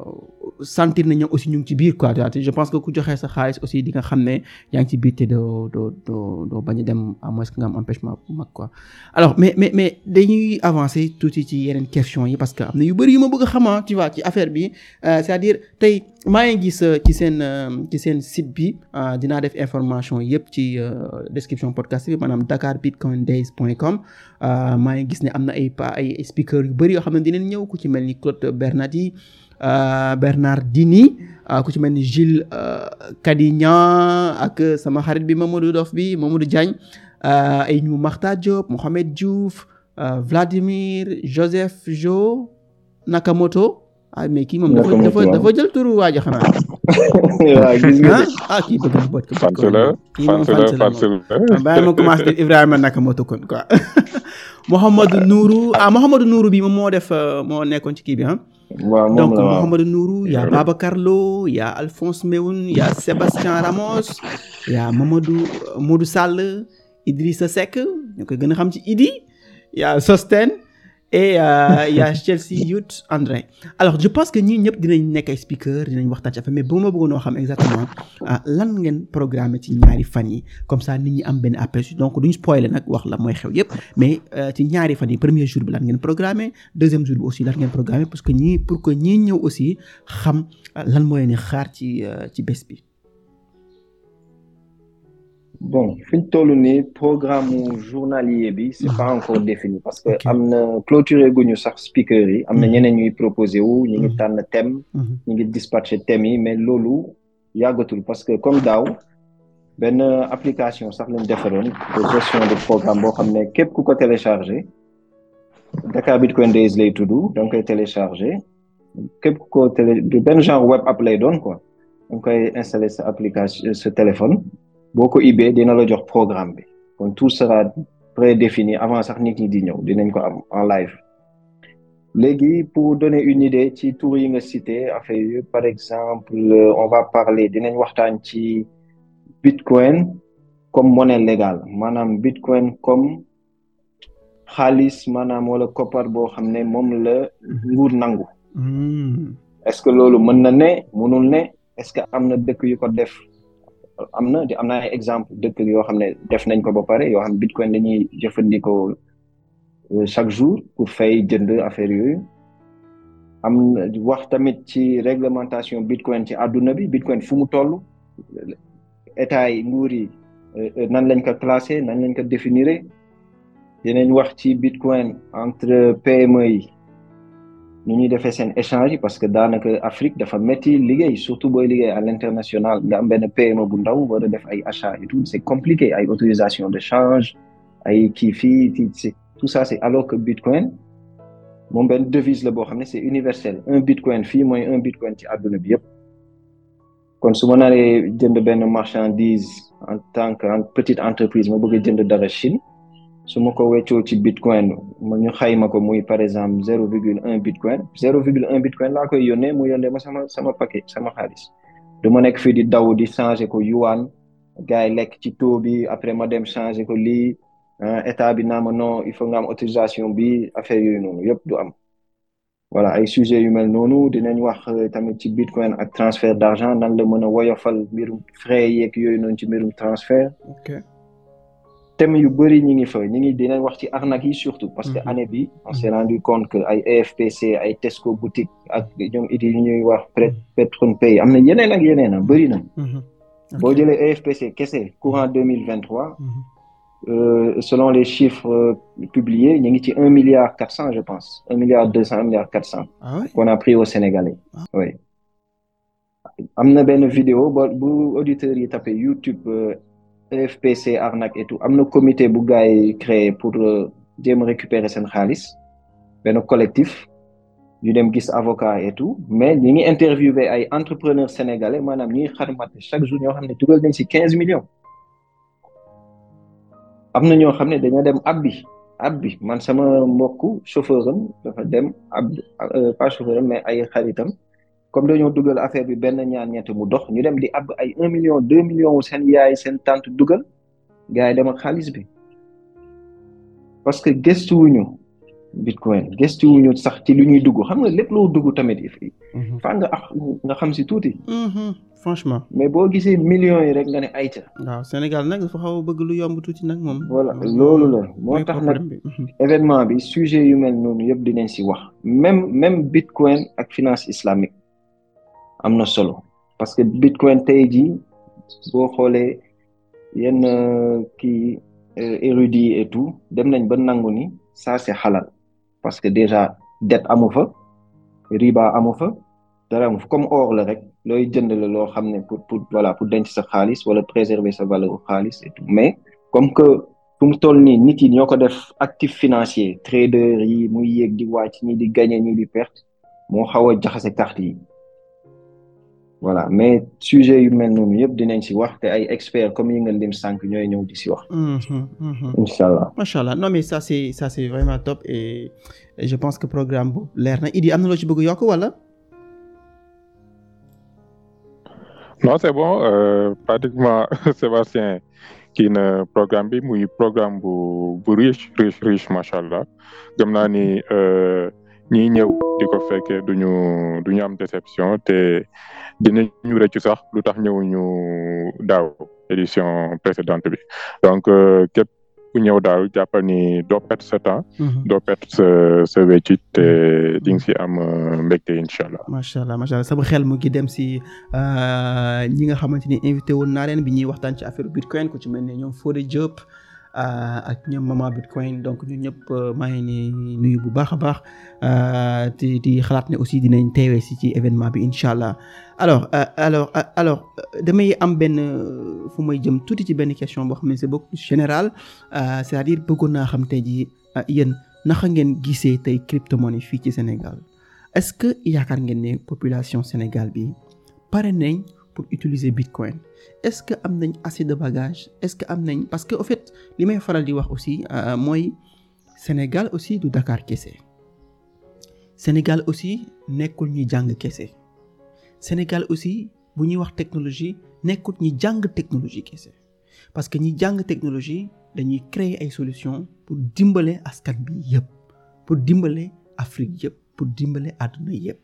sentir nañ ñoom aussi ñu ngi ci biir quoi je pense que ku joxee sa xaalis aussi dinga xam ne yaa ngi ci biir te doo doo doo doo bañ a dem à moins que nga empêchement bu mag quoi. alors mais mais mais dañuy avancer tuuti ci yeneen question yi parce que am na yu bëri yu ma bëgg a xamaa tu vois ci affaire bi euh, c'est-à-dire tey. maa ngi gis euh, ci seen euh, ci seen site bi euh, dinaa def information yëpp ci description podcast bi maanaam Dakar Bitcoin Days point com maa ngi gis ne am na ay ay speaker yu bëri yoo xam ne dinañ ñëw ku ci mel ni Claude Bernardi Bernardini ku ci mel ni Gilles Kadignan ak sama xarit bi Mamadou Dof bi Mamadou Diagne ay ñu Makhtar Diop Mohamed Diouf Vladimir Joseph Jo Nakamoto. ah mais kii moom dafa dafa jël turu waa xanaa. (laughs) Ah, ah, kii bëgg na bot ko. fan ah, su (laughs) ah Mouhamadou Nourou bi moom moo def euh, moo nekkoon ci kii bi ah. waaw donc Mouhamadou Nourou y' a Babacar Lo Alphonse Meoun y' Sébastien Ramos y' a Mamadou euh, Modou Sall Idrissa Seck ñu koy gën a xam ci Idi y' Sosten. et il euh, y a Chelsea Youth André alors je pense que ñii ñëpp dinañ nekk ay speaker dinañ waxtaan ci affaire mais bu ma bëggoonoo xam exactement euh, lan ngeen programme ci ñaari fan yi comme ça nit ñi am benn aperçu donc duñu spoiler nag wax la mooy xew yëpp mais euh, ci ñaari fan yi premier jour bi lan ngeen programmé deuxième jour bi aussi lan ngeen programmé parce que ñii pour que ñii ñëw aussi xam euh, lan mooy leen xaar ci ci bés bi. bon fi ñu toll nii programme journalier bi c'est pas encore défini parce que am na clôturé guñu sax speaker yi am na mhm. ñeneen ñuy proposé wu ñu ngi mhm. tànn thème mhm. ñu ngi dispatché thèmes yi mais loolu yàggatul parce que comme daaw benn application sax lañ defaroon de gestion de programme boo xam ne képp ku ko téléchargé Dakar Bitcoin Days lay tudd da nga koy téléchargé képp ku ko télé benn genre web app lay doon quoi da nga koy installé sa application sa téléphone boo ko ubbee dina la jox programme bi kon tout sera prédéfini avant sax ni ñi di ñëw dinañ ko am en live léegi pour donner une idée ci tour yi nga cité affaire yi par exemple on va parler dinañ waxtaan ci bitcoin comme monnaie légale maanaam bitcoin comme xaalis maanaam wala kopar boo xam ne moom la mhm. nguur nangu hmm. est-ce que loolu mën na ne mënul ne est-ce que am na dëkk yu ko def am na am na exemple dëkk yoo xam ne def nañ ko ba pare yoo xam ne bitcoin la ñuy jëfandikoo euh, chaque jour pour fay jënd affaire yooyu am na wax tamit ci réglementation bitcoin ci àdduna bi bitcoin fu mu toll état yi nguur yi euh, nan lañ ko classé nan lañ ko définir dinañ wax ci bitcoin entre PME yi ni ñuy defee seen échange parce que daanaka Afrique dafa métti liggéey surtout booy liggéey à l'international nga am benn PME bu ndaw war a def ay achats et tout c'est compliqué ay autorisation de change ay kii fii c'est tout ça c'est alors que Bitcoin moom benn devise la boo xam ne c'est universel un Bitcoin fii mooy un Bitcoin ci àdduna bi yëpp kon su ma naree jënd benn marchandise en tant que petite entreprise ma bëgg jënd dara Chine su ma ko weccoo ci bitcoin ma ñu xayma ko muy par exemple zéro virgule un bitcoin zéro virgule un bitcoin laa koy yónnee mu yónnee ma sama sama paquet sama xaalis du ma nekk fii di daw di changer ko yuwaan gars yi lekk ci taux bi après ma dem changer ko lii état bi naa ma non il faut nga am autorisation bi affaire yooyu noonu yëpp du am voilà ay sujet yu mel noonu ñu wax euh, tamit ci bitcoin ak transfert d'argent nan la mën a woyofal mbirum frais yeeg yooyu noonu ci mbirum transfert. thème yu bëri ñu ngi fa ñu ngi wax ci arnaque surtout. parce que mhm. année bi on mhm. s' est rendu compte que ay EFPC ay Tesco boutique ak ñoom yi wax pré mhm. PetronPay am na yeneen ak yeneen a ah, bëri na. boo jëlee EFPC kese courant deux mille vingt trois. Euh, selon les chiffres euh, publiés ñu ngi ci un milliard quatre cent je pense un milliard deux cent un milliard quatre cent. Ah qu'on a pris au Sénégalais. Ah. am na benn vidéo bu auditeurs yi tapé YouTube. Euh, FPC arnaque et tout am na comité bu gars yi créé pour euh, jéem a récupérer seen xaalis benn collectif yu dem gis avocat et mais ñi ngi interviewé ay entrepreneurs sénégalais maanaam ñi ngi xarmat chaque jour ñoo xam ne dugal nañ si quinze millions am na ñoo xam ne dañoo dem abbi abbi man sama mbokk chauffeur am dem ab euh, pas chauffeur mais ay xaritam comme dañoo dugal affaire bi benn ñaar ñett mu dox ñu dem di ab ay un million deux million seen yaay seen tante dugal gars dem ak xaalis bi parce que gëstuwuñu bitcoin gëstuwuñu sax ci lu ñuy dugg xam nga lépp loo dugg tamit yi faa mhm. nga ax nga xam si tuuti mhm, franchement mais boo gisee millions yi rek nga ne ayca waaw Sénégal nag dafa xaw a bëgg lu yomb tuuti nag moom voilà loolu la moo tax nag mhm. événement bi sujet yu mel noonu yëpp dinañ si wax même même bitcoin ak finance islamique am na solo parce que bitcoin tey jii boo xoolee yenn euh, kii euh, érudits et tout dem nañ ba nangu ni ça c'est halal parce que déjà dette amu fa riba amu fa dara amu fa comme or la rek looy jënd la loo xam ne pour pour voilà pour denc sa xaalis wala préserver sa valeur xaalis et mais comme que fu mu toll nii nit yi ñoo ko def actif financier trader yi mu yéeg di wàcc ñi di gagner ñi di perte moo xaw a jaxase carte yi voilà mais sujet yu mel noonu yëpp dinañ si wax te ay experts comme yi nga lim sànq ñooy ñëw di si wax. Mm-hmm, mm-hmm. incha allah macha allah non mais ça c'est ça vraiment top et je pense que programme bu leer na Idi am na loo ci bëgg yokk wala. non c'est bon euh, pratiquement (laughs) Sébastien kii na programme bi muy programme bu bu riche riche riche macha allah gëm naa ni. Euh, ñiy ñëw di ko fekkee duñu duñu am déception te dinañu rëccu sax lu tax ñëwuñu daaw édition précédente bi donc euh, képp ku ñëw daal jàppal ni doo sa temps mhm. doo perte sa sa te mhm. di nga si am euh, mbégte incha allah macha allah macha allah sama xel mu ngi dem si euh, ñi nga xamante ni invité woon naa leen bi ñuy waxtaan ci affaire bitcoin ku ci mel ne ñoom Fodé Diop ak ñoom maman bitcoin donc ñun ñëpp euh, maa ngi ni nuyu bu baax a baax te di xalaat ne aussi dinañ teewee si ci événement bi incha allah alors euh, alors euh, alors damay am benn fu may jëm tuuti ci benn question boo xam ne c'est beaucoup général cest à diir bëggoon naa xam tey jii yéen naka ngeen gisee tey cryptomonnaie fii ci Sénégal est-ce que yaakaar ngeen ne population Sénégal bi pare nañ. pour utiliser bitcoin est-ce que am nañ assez de bagage est-ce que am nañ parce que au li may faral di wax aussi euh, mooy Sénégal aussi du Dakar kese Sénégal aussi nekkul ñi jàng kese Sénégal aussi bu ñuy wax technologie nekkul ñi jàng technologie kese parce que ñi jàng dañuy créer ay solutions pour dimbale askan bi yëpp pour dimbale Afrique yëpp pour dimbale àdduna yëpp.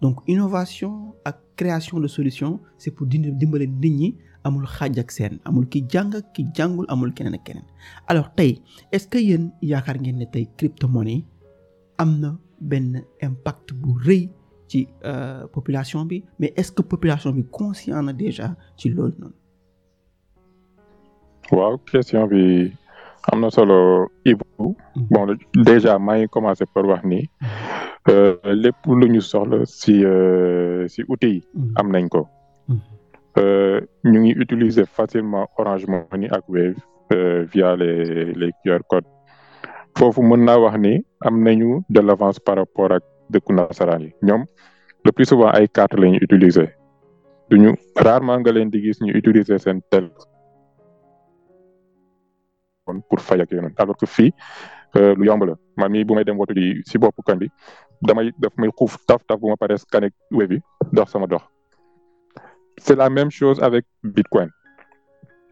donc innovation ak création de solution c'est pour di dimbale nit ñi amul xaaj ak seen amul ki jàng ki jàngul amul keneen ak keneen alors tey est-ce que yéen yaakaar ngeen ne tey crypto-monnaie am na benn impact bu rëy ci euh, population bi mais est-ce que population bi conscient na déjà ci loolu noonu. waaw question bi am na solo Ibou. Mm-hmm. bon déjà maa ngi commencé par wax ni. Mm-hmm. Euh, lépp lu ñu soxla si euh, si outils mm-hmm. am nañ ko. Mm-hmm. Euh, ñu ngi utiliser facilement orangement Money ak Wave via les les QR code foofu mën naa wax ni am nañu de l' par rapport ak dëkku nasaraan yi ñoom le plus souvent ay carte la ñu utiliser duñu rarement nga leen di gis ñu utiliser seen tel pour fay ak yeneen alors que fii lu yomb la man mii bu may dem wotu si bopp Kandi damay def may xuuf taf taf bu ma scanner web bi dox sama dox c'est la même chose avec bitcoin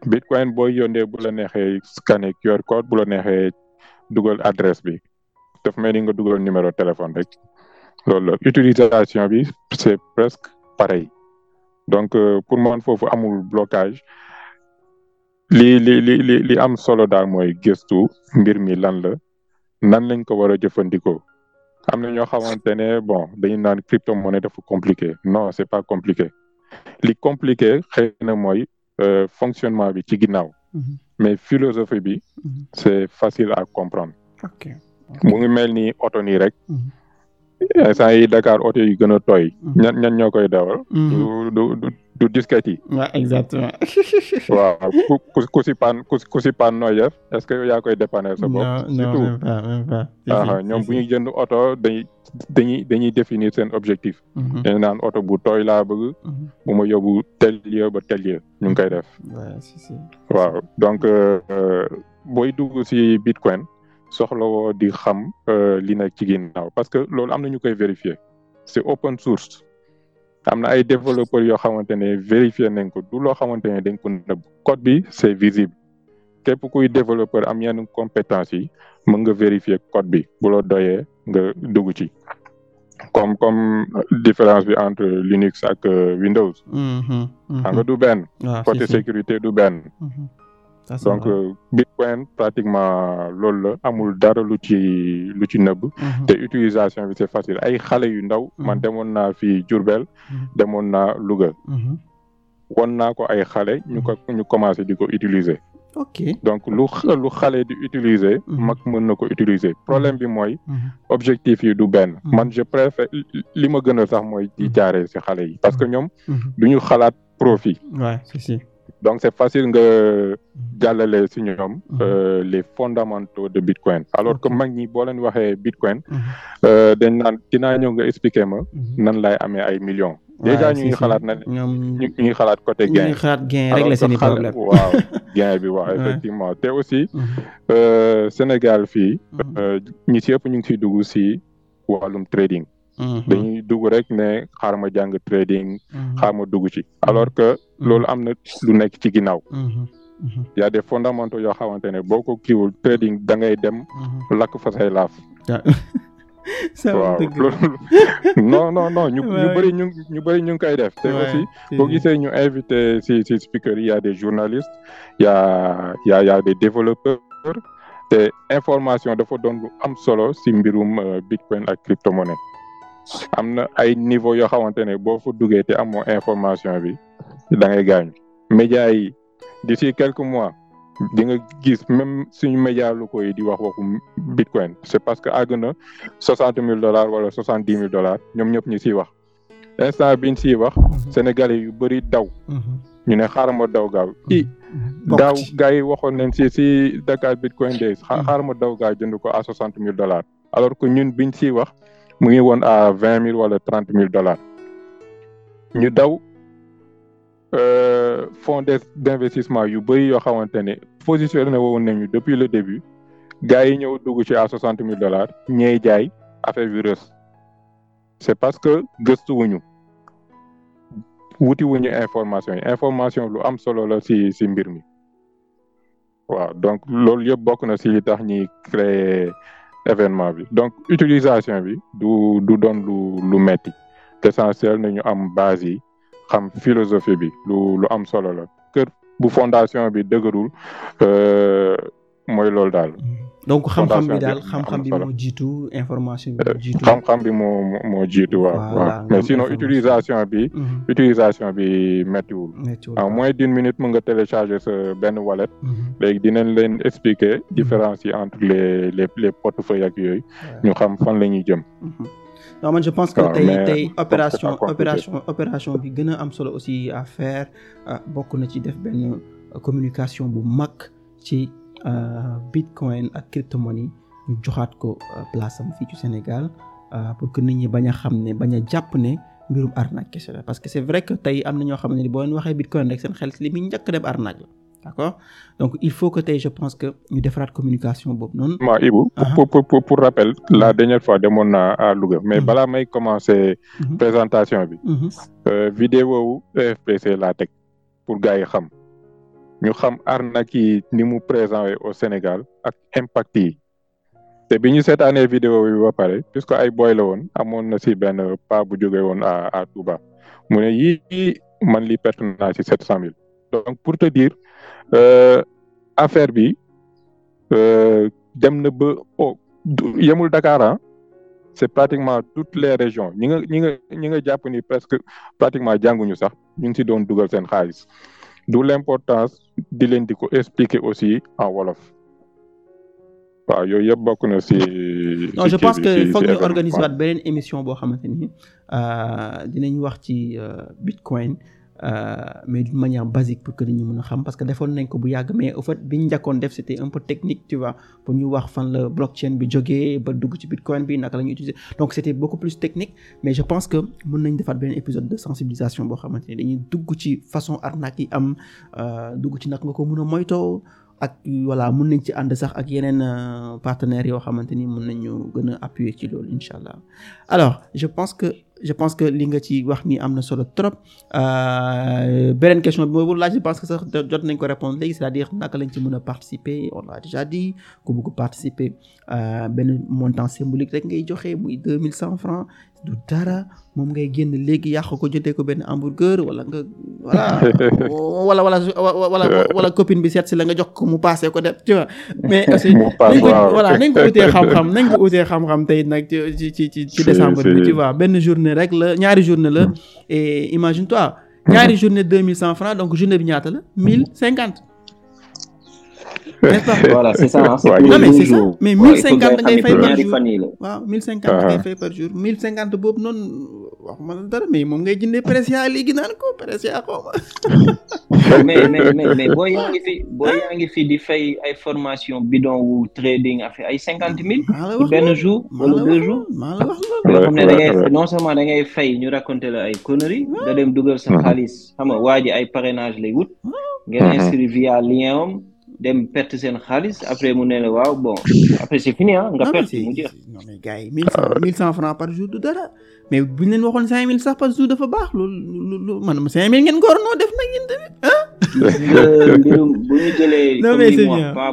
bitcoin boo yónnee bu la neexee scanner QR code bu la neexee dugal adresse bi def may ni nga dugal numéro téléphone rek loolu la utilisation bi c'est presque pareil donc euh, pour man foofu amul blocage li li li li am solo daal mooy gëstu mbir mi lan la nan lañ ko war a jëfandikoo am na ñoo xamante ne bon dañu naan crypto monnaie dafa compliqué non c'est pas compliqué li compliqué xëy na mooy euh, fonctionnement bi ci ginnaaw mhm. mais philosophie bi mhm. c'est facile à comprendre mu ngi mel ni oto nii rek mhm. instant eh, yi Dakar oto yi gën a tooy. Mm-hmm. ñan ñan ñoo koy dawal. Mm-hmm. du du du yi. waaw exactement. (laughs) waaw ku ku si paan ku si nooy def est-ce que yaa koy dépanner surtout non ah, ah, ñoom bu ñuy jënd oto dañuy dañuy dañuy définir seen objectif. Mm-hmm. dañu naan oto bu tooy laa bëgg. bu ma yóbbu tel ba tel lieu ñu ngi koy def. waaw donc euh, euh, booy dugg si Bitcoin. soxlawoo di xam euh, li nekk ci ginnaaw parce que loolu am na ñu koy vérifier c'est open source am na ay développeurs yoo xamante ne vérifier nañ ko du loo xamante ne kon ko nëbb code bi c'est visible képp kuy développeur am yenn compétence yi mën nga vérifier code bi bu la nga dugg ci comme comme différence bi entre Linux ak euh, Windows mm-hmm. xam nga mm-hmm. du ben ah, côté sécurité du benn mm-hmm. donc euh, Bitcoin pratiquement loolu la amul dara lu ci lu ci nëbb mm-hmm. te utilisation bi c'est facile ay xale yu ndaw man mm-hmm. demoon naa fii Diourbel mm-hmm. demoon naa Louga won naa ko ay xale ñu ko ñu commencé di ko utiliser donc lu lu xale di utiliser mag mën na ko utiliser problème bi mooy objectif yi du benn man je préfère li ma gën a sax mooy di si xale yi parce que ñoom du xalaat profit donc c'est facile nga mm-hmm. jàllale si ñoom mm-hmm. euh, les fondamentaux de Bitcoin alors que mag ñi boo leen waxee Bitcoin mm-hmm. euh, dañ naan dinaa ñëw nga expliquer ma nan lay amee ay millions déjà ñu ngi xalaat na ñoo ngi xalaat côté gain ñu ngi xalaat gain rek la seen problème waaw gain bi waaw (laughs) effectivement te aussi euh, Sénégal fii ñi si ëpp ñu ngi siy dugg si wàllum trading Mhm. dañuy dugg rek ne xaar ma jàng trading mhm. xaar ma dugg ci alors que mhm. loolu am na lu nekk ci ginnaaw y a des fondamentaux yoo xamante ne boo ko kiiwul trading da ngay dem lakk fa say laaf (laughs) waaw loolu (laughs) ñu ñu bëri ñu ñu ngi koy def te aussi boo gisee ñu invité si si speaker yi y a des journalistes y a y a te information dafa doon lu am solo si mbirum euh, bitcoin ak cryptomonnaie am na ay niveau yoo xamante ne boo fa duggee te amoo information bi da ngay gaañu. yi di si quelques mois di nga gis même suñu média lu koy di wax waxu bitcoin c'est parce que àgg na soixante mille dollars wala soixante dix mille dollars ñoom ñëpp ñu siy wax instant biñ siy wax. Mhm. Sénégalais yu bëri daw. Mhm. ñu ne xaaral ma daw gaaw i mhm. daaw gars yi waxoon nañ si si Dakar Bitcoin Days xaaral ma daw gaaw jënd ko à soixante mille dollars alors que ñun biñ siy wax. mu ngi woon à vingt mille wala trente mille dollars ñu daw euh, fonds d' investissement yu bëri yoo xamante ne positionné woon ñu depuis le début gars yi ñëw dugg ci à soixante mille dollars ñey jaay affaire bi rës c' est parce que gëstuwuñu wuti wuñu information yi information lu am solo la si si mbir mi waaw donc loolu yëpp bokk na si li tax ñuy créer événement bi donc utilisation bi du du doon lu lu metti l'essentiel na ñu am base yi xam philosophie bi lu lu am solo la kër bu fondation bi dëgërul euh, mooy loolu daal mm-hmm. donc xam-xam bi daal xam-xam bi moo jiitu information bi moo jiitu. bi moo moo jiitu waaw. waaw mais sinon utilisation bi. Mhm. utilisation bi méttiwul. méttiwul en moins d'une minute mën nga télécharger sa benn wallet. Mhm. léegi dinañ leen expliquer mhm. différence yi entre les les les portefeuilles ak yooyu. ñu xam fan la ñuy jëm. non je pense que tey opération opération opération bi gën a am solo aussi à faire euh, bokk na ci def benn euh, communication bu mag ci. Euh, bitcoin ak cryptomoney ñu joxaat ko euh, place am fii ci Sénégal euh, pour que nit ñi bañ xam ne bañ a jàpp ne mbirum arnaque kese la parce que c'est vrai que tey am na ñoo xam ne boo waxee bitcoin rek seen xel li muy njëkk dem arnaque la donc il faut que tey je pense que ñu defaraat communication boobu noonu. waaw Ibou. Ah ah. pour pour pour rappel la mm-hmm. dernière fois demoon naa à Louga. mais mm-hmm. balaa may commencer. Mm-hmm. présentation bi. vidéo wu EFPC laa teg pour gars yi xam. ñu xam arnaque yi ni mu présent au Sénégal ak impact yi te bi ñu seetaanee vidéo bi ba pare puisque ay boy la woon amoon na si benn pas bu jóge woon à à Touba mu ne yii man li perte naa si sept cent mille donc pour te dire euh, affaire bi euh, dem na ba oh, yemul Dakar ah c'est pratiquement toutes les régions ñi nga ñi nga ñi nga jàpp ni presque pratiquement jànguñu sax ñu ngi si doon dugal seen xaalis du l'importance di leen di ko expliquer aussi a wolof. waaw yooyu yëpp bokk na si. non je pense que foog ñu organiser waat beneen émission boo xamante ni euh, dinañ wax ci euh, bitcoin. Euh, mais d'une manière basique pour que nit ñi a xam parce que defoon nañ ko bu yàgg mais au fait bi ñu njëkkoon def c'était un peu technique tu vois pour ñu wax fan la blockchain bi jógee ba dugg ci bitcoin bi naka la ñuy utiliser donc c'était beaucoup plus technique mais je pense que mën nañ defaat benn épisode de sensibilisation boo xamante ni dañuy dugg ci façon arnaque yi am euh, dugg ci naka nga ko mun a moytoo ak voilà mun nañ ci ànd sax ak yeneen euh, partenaire yoo xamante ni mën nañu gën a appuyer ci loolu incha allah je pense que lii nga ci wax nii am na solo trop euh, beneen question bi mooy laaj je pense que sax jot nañ ko répondre léegi c'est-à-dire naka lañ ci mën a participer on l'a déjà dit ku bëgg participer euh, benn montant symbolique rek ngay joxe muy deux mille cent francs du dara moom ngay génn léegi yàqu ko jotee ko benn hamburger wala nga voilà (laughs) wala wala wala wala copine bi seet si la nga jox ko mu passé ko def tu vois mais (laughs) aussi nañ ko voilà nañ ko (laughs) utee xam-xam nañ ko utee xam-xam tey nag ci ci ci ci décembre bi tu vois benn journée rek la ñaari journée la hmm. et imagine toi ñaari journée deux mille cent francs donc journée bi ñaata la mille cinquante voilà c'est ça mais c'est ça mais 1050 da ngay fay par jour waaw 1050 da ngay boobu noonu waxuma la dara mais moom ngay jëndee Precia léegi naan ko Precia xaw mais mais mais yaa ngi fi di fay ay formation bidon wu trading ay cinquante mille. pour benn jour wala deux jours. maa la wax loolu xam ne da ngay non seulement da fay ñu raconté la ay conneries. da dem dugal sa xaalis xam nga ay parrainage lay wut. ngeen inscrire via lien dem perte seen xaalis après mu ne waaw bon après c'est fini ah nga perte mu jeex non mais gars yi mille cent francs par jour du dara mais buñ leen waxoon cinq mille sax par jour dafa baax loolu loolu man cinq mille ngeen ko war noo def nag yéen tamit euh, bu ñu jëlee non mais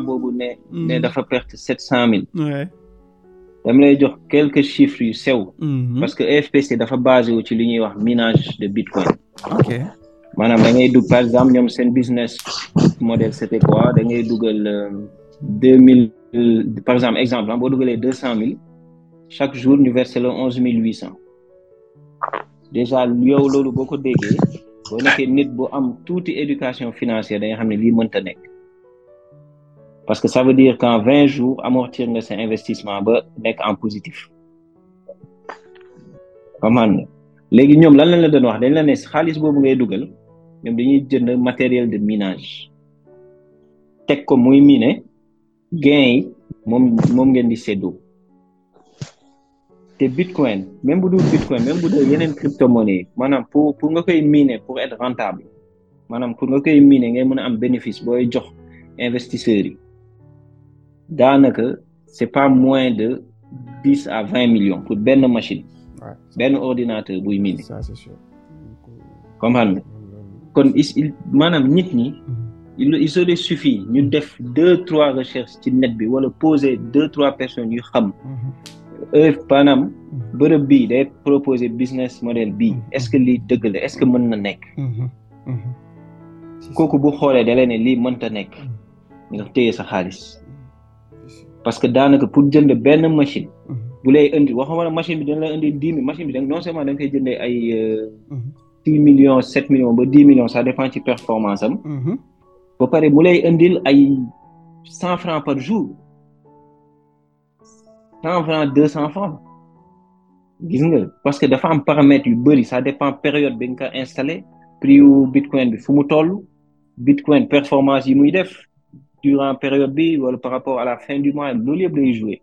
boobu ne mm. ne dafa perte sept cent mille dama lay jox quelques chiffres yu sew mm-hmm. parce que EFPC dafa basé wu ci li ñuy wax minage de bitcoin ok maanaam da ngay dugg par exemple ñoom seen business model c'était quoi da ngay dugal euh, deux mille par exemple exemple boo dugalee deux cent mille chaque jour ñu verser la onze mille huit cent déjà yow loolu boo ko déggee boo nekkee nit bu am tuuti éducation financière da nga xam ne lii mënta nekk parce que ça veut dire qu'en vingt jours amortir nga sa investissement ba nekk en positif xam nga léegi ñoom lan lañ la doon wax dañ la ne xaalis boobu ngay dugal ñoom dañuy jënd matériel de minage teg ko muy miné gain yi moom moom ngeen di séddoo te bitcoin même bu dul bitcoin même bu dul yeneen cryptomonnaie maanaam pour pour nga koy miner pour être rentable maanaam pour nga koy miner ngay mën a am bénéfice booy jox investisseurs yi daanaka c'est pas moins de dix à vingt million pour benn machine benn ordinateur buy miner comprendre kon il maanaam nit ñi mm-hmm. il il suffit ñu def deux trois recherches ci net bi wala poser deux trois personnes yu xam mm-hmm. euh, maanaam mm-hmm. bërëb bii day proposer business model bi est-ce que lii dëgg la est-ce que mën na nekk kooku bu xoolee da ne lii mënta nekk nga téye sa xaalis parce que daanaka pour jënd benn machine bu indi waxuma ne machine bi dana la indi dix mille machine bi da non seulement da nga koy jëndee ay euh, six millions sept millions ba dix millions ça dépend ci performance am. Mhm. ba pare mu lay indil ay cent francs par jour cent francs deux cent francs gis nga parce que dafa am paramètres yu bëri ça dépend période bi nga ko installé prix bitcoin bi fu mu toll bitcoin performance yi muy def durant période bi wala par rapport à la fin du mois loolu yëpp lay jouer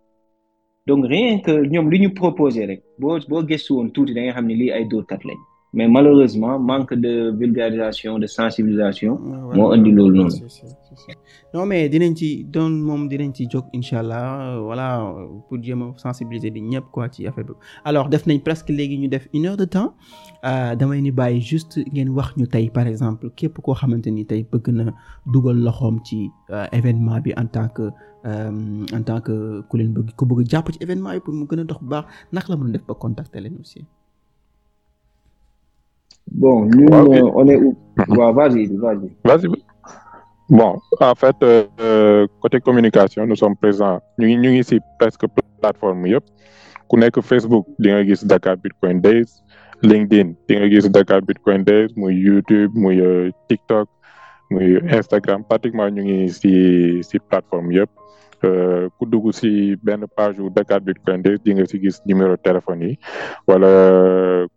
donc rien que ñoom li ñu proposé rek boo boo gëstu woon tuuti da nga xam ne lii ay dóorkat lañ. mais malheureusement manque de vulgarisation de sensibilisation. Ah, moo indi loolu noonu. non mais dinañ ci doon moom dinañ ci jog incha allah voilà pour jéem a sensibiliser di ñëpp quoi ci affaire bi alors def nañ presque léegi ñu def une heure de temps euh, damay ni bàyyi juste ngeen wax ñu tey par exemple képp koo xamante ni tey bëgg na dugal loxoom ci euh, événement bi en tant que euh, en tant que ku leen bëgg ku bëgg jàpp ci événement bi pour mu gën a dox bu baax naka la mën a def leen aussi. Bon, nous, ah, oui. en fait, euh, euh, côté communication, nous sommes présents. ñu nous ici, presque plateforme yëpp ku nekk Facebook di nga gis Dakar Bitcoin Days LinkedIn di nga gis Dakar Bitcoin Days muy YouTube muy euh, TikTok muy Instagram pratiquement ñu ngi si si plateforme yëpp. ku dugg si benn page u Dakar Bitcoin Day di nga si gis numéro téléphone yi wala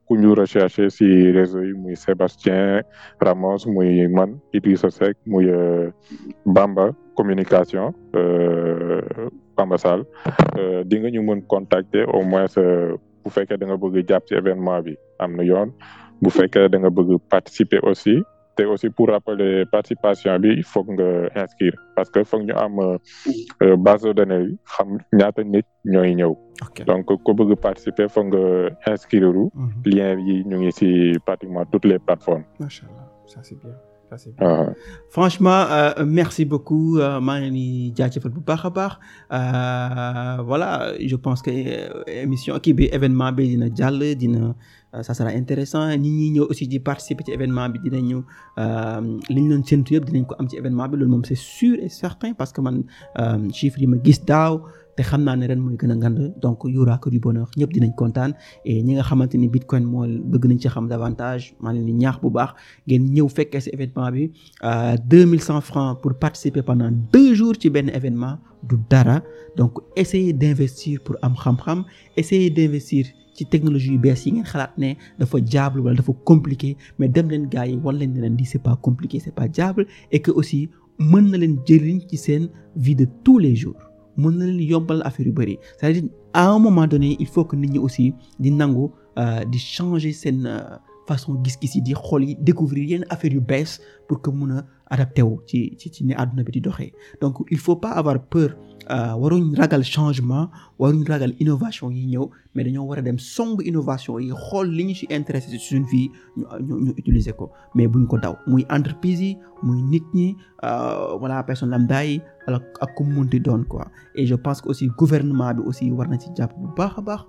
ku ñu recherché si réseau yi muy Sébastien Ramos muy man Idrissa Seck muy euh, Bamba communication euh, Bamba Sall euh, di nga ñu mën contacter au moins bu fekkee da nga bëgg jàpp si événement bi am na yoon bu fekkee da nga bëgg participer aussi te aussi pour rappeler participation bi il nga inscrire parce que foog ñu am euh, euh, base de données yi xam ñaata nit ñooy ñëw. donc ku bëgg participer foog nga inscrire ru. Mhm. lien yi ñu ngi ci pratiquement toutes les plateformes. macha allah ça c'est bien. Ah. franchement euh, merci beaucoup euh, maa ngi ni jaajëfal bu baax a baax wala je pense que émission kii bi événement bi dina jàll dina Euh, ça sera intéressant ñi ñuy ñëw aussi di participer ci événement bi dinañu euh, li ñu doon séntu yëpp dinañ ko am ci événement bi loolu moom c'est sûr et certain parce que man euh, chiffre yi ma gis daaw te xam naa ne ren mooy gën a ngand donc y aura que du bonheur ñëpp dinañ kontaan et ñi nga xamante ni bitcoin moo bëgg nañ ci xam davantage maa leen di ñaax bu baax geen ñëw fekkee si événement bi 2100 francs pour participer pendant deux jour ci benn événement du dara donc essayez d'investir pour am xam-xam essayez d'investir ci technologie yu bees yi ngeen xalaat ne dafa jaable wala dafa compliqué mais dem leen gars yi wan leen ne leen di c'est pas compliqué c'est pas jaable et que aussi mën na leen jëriñ ci seen vie de tous les jours mën na leen yombal affaire yu bëri c'est-à-dire à un moment donné il faut que nit ñi aussi di nangu euh, di changer seen euh, façon gis-gis yi di xool yi découvrir yenn affaires yu bees pour que mun a wu ci ci ci àdduna bi di doxee donc il faut pas avoir peur euh, waruñ ragal changement waruñ ragal innovation yi ñëw mais dañoo war a dem song innovation yi xool li ñu ci intéressé ci suñu fii ñu ñu utiliser ko mais bu ñu ko daw muy entreprise yi muy nit ñi voilà euh, personne lambda yi ak ku munti doon quoi et je pense que aussi gouvernement bi aussi war na ci jàpp bu baax a baax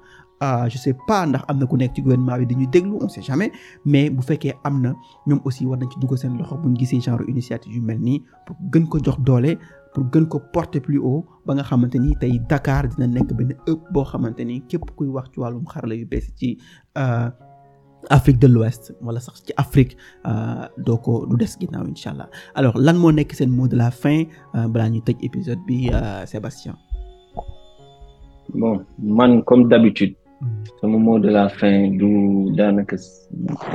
Euh, je sais pas ndax am na ku nekk ci gouvernement bi dañuy déglu on sait jamais mais bu fekkee am na ñoom aussi war nañ ci dugg seen loxo bu ñu gisee genre initiative yu mel nii pour gën ko jox doole pour gën ko porter plus haut ba nga xamante ni tey dakaar dina nekk benn ëpp boo xamante ni képp kuy wax ci wàllum xarala yu bees ci euh, Afrique de l'Ouest wala sax ci Afrique euh, doo ko du des ginnaaw incha allah alors lan moo nekk seen mot de la fin balaa ñuy tëj épisode bi Sébastien. bon sama mot de la fin du daanaka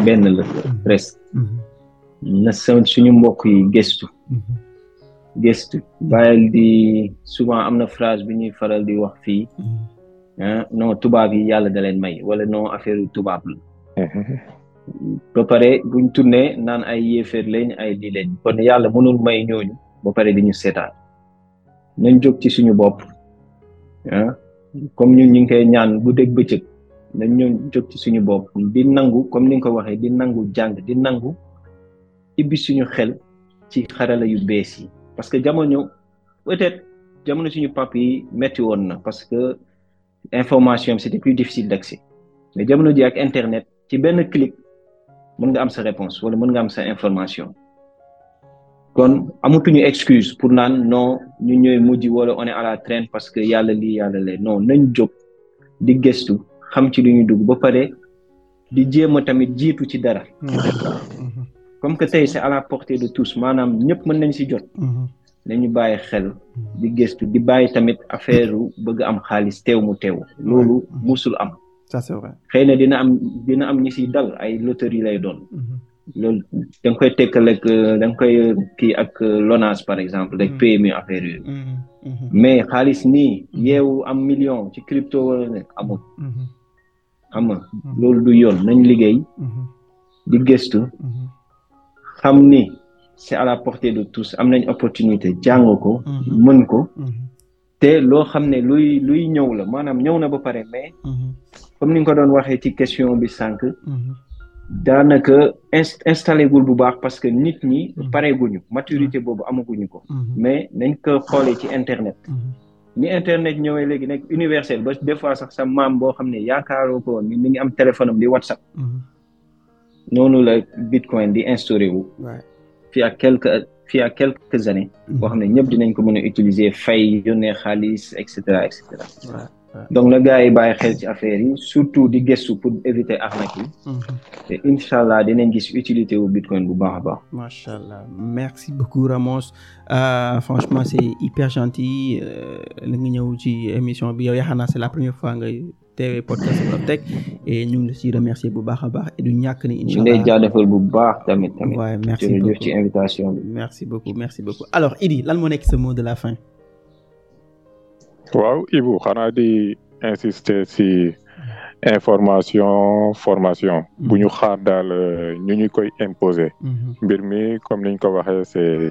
benn la mm-hmm. presque mm-hmm. suñu mbokk yi gestu mm-hmm. gëstu bàyyil di souvent am na phrase bi ñuy faral di wax fii ah no tubaab yi yàlla da leen may wala non affaire tubaab bapare ba pare buñ tourné naan ay yéeféer lañ ay lii leen kon yàlla mënul may ñooñu ba pare di ñu seetaan nañ jóg ci suñu bopp ah comme ñun ñu ngi koy ñaan guddeeg bëccëg na ñoo jóg ci suñu bopp di nangu comme ni nga ko waxee di nangu jàng di nangu ibbi suñu xel ci xarala yu bees yi parce que jamono peut-être jamono suñu pap yi metti woon parce que information bi c'était plus difficile d'accès mais jamono ji ak internet ci benn clic mën nga am sa réponse wala mën nga am sa information kon amatuñu excuse pour naan non ñu ñooy mujj wala on est à parce que yàlla lii yàlla lee non nañ jóg di gëstu xam ci lu ñuy dugg ba pare di jéem a tamit jiitu ci dara. Mm-hmm. Mm-hmm. comme que tey c'est à la de tous maanaam ñëpp mën nañ si jot. Mm-hmm. nañu bàyyi xel di gëstu di bàyyi tamit affaire bëgg am xaalis teew mu teew loolu musul am. ça xëy na dina am dina am ñi siy dal ay loterie lay doon. loolu da koy tekkal ak euh, da nga koy kii ak euh, LONASE par exemple de ak PMU affaire yooyu mm-hmm. Mm-hmm. mais xaalis nii mm-hmm. yeewu am million ci crypto wala nekk amul loolu du yoon nañ liggéey di gëstu xam ni c'est à la portée de tous am nañ opportunité jàng ko mën ko te loo xam ne luy luy ñëw la maanaam ñëw na ba pare mais comme ni nga ko doon waxee ci question bi sànq daanaka installé gul bu baax parce que nit ñi mm-hmm. pareeguñu mm-hmm. maturité boobu amaguñu ko mm-hmm. mais nañ ko xoolee ci internet ni internet ñëwee léegi nekk universel ba des fois sax sa maam boo xam ne yaakaaroo ko woon mi ngi am téléphone am di whatsapp noonu la bitcoin di instauré wu fii ak quelques fii ak quelques années boo xam ne ñëpp dinañ ko mën a utiliser fay yónnee xaalis et cetera et donc la gars yi bàyyi xel ci affaire yi surtout di gëstu pour éviter arnaque yi. Mhm. te incha allah dinañ gis utilité wu bitcoin bu baax a baax. macha allah merci beaucoup Ramos euh, franchement c' est hyper gentil euh, li ñëw ci émission bi yow yaakaar naa la première fois nga teewee podcast Woloftech et ñu ngi la remercier bu baax a baax du ñàkk ni incha allah ñu bu baax tamit tamit. waaye merci beaucoup jërëjëf ci invitation bi. merci beaucoup merci beaucoup alors Idi lan moo nekk sa mot de la fin. waaw Ibou xanaa di insister si information formation bu ñu xaar daal euh, ñu ñu koy imposer. Mhm. mbir mi comme niñ ko waxee c'est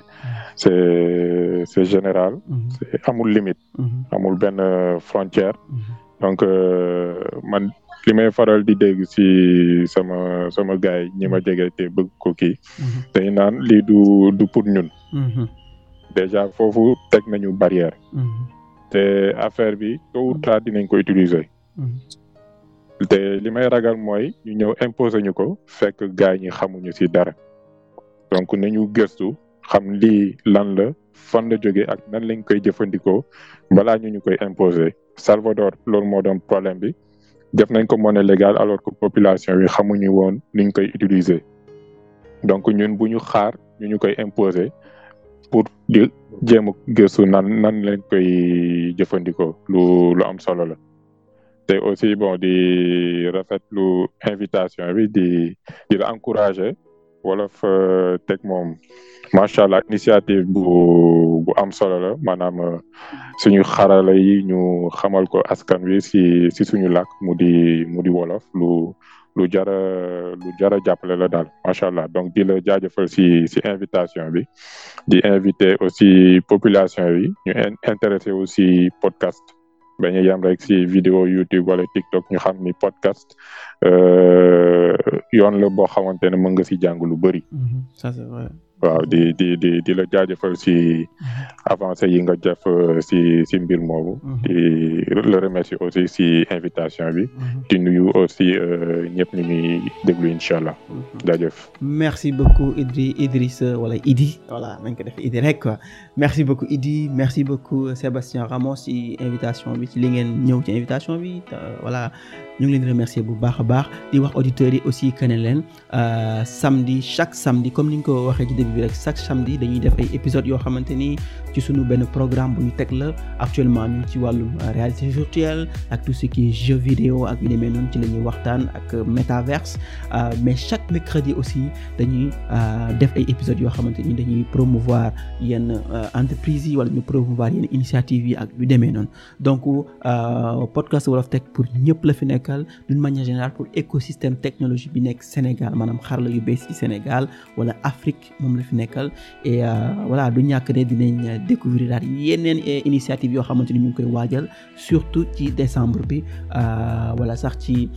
c'est c'est général. Mhm. amul limite. Mhm. amul benn euh, frontière. donc euh, man li may faral di dégg si sama sama gars yi ñi ma jege te bëgg ko kii. dañ naan lii du du pour ñun. déjà foofu teg nañu barrière. te affaire bi tôt ou tard dinañ ko utiliser. Mhm. te li may ragal mooy ñu ñëw imposer ñu ko fekk gars ñi xamuñu si dara donc ñu gëstu xam li lan la fan la jógee ak nan lañ koy jëfandikoo balaa ñu ñu koy imposer Salvador loolu moo doon problème bi def nañ ko monnaie légale alors que population bi xamuñu woon niñ koy utiliser donc ñun bu ñu xaar ñu ñu koy imposer. pour di jéem a gëstu nan nan lañ koy jëfandikoo lu lu am solo la te aussi bon di rafetlu invitation bi di di la encourager wolof euh, teg moom macha allah initiative bu bu am solo la maanaam euh, suñu xarala yi ñu xamal ko askan wi si si suñu làkk mu di mu di wolof lu lu jara lu jara jàppale la daal macha allah donc di la jaajëfal si si invitation bi di invité aussi population yi ñu intéressé si podcast bañ a yam rek si vidéo YouTube wala TikTok ñu xam ni podcast. Euh, yoon la boo xamante ma mën nga si jàng lu bëri. Mhm. a c'est waaw di di di di la jaajëfal si mhm. avancé yi nga jëf euh, si si mbir moomu mhm. di le remercier aussi si invitation bi mhm. di nuyu aussi euh, ñëpp ñu ngi déglu incha allah jaajëf merci beaucoup Idri Idriss wala iddi wala nañ ko def Idi rek merci beaucoup iddi merci beaucoup euh, Sébastien Ramos si invitation bi ci li ngeen ñëw ci invitation bi voilà ñu ngi leen di remercier bu baax a baax di wax auditeurs yi aussi keneen leen samedi chaque samedi comme ni ñu ko waxee ci suivre bi rek chaque samedi dañuy def ay épisodes yoo xamante ni ci sunu benn programme bu ñu teg la actuellement ci wàllum réalité virtuelle ak tout ce qui est vidéo ak yu demee noonu ci la ñuy waxtaan ak métaverse euh, mais chaque mercredi aussi dañuy euh, def ay épisodes yoo xamante ni dañuy promovoir yenn euh, entreprise yi wala ñu promouvoir yenn initiative yi ak yu demee noonu donc podcast Wolof Tech pour ñëpp la fi nekkal d'une manière générale pour écosystème technologie bi nekk Sénégal maanaam xarala yu bees ci Sénégal wala moom la nekkal e voilà du ñàkk ne dinañ découvrir daal yeneen euh, initiative yoo xamante ni ñu ngi koy waajal surtout ci décembre bi wala euh, sax ci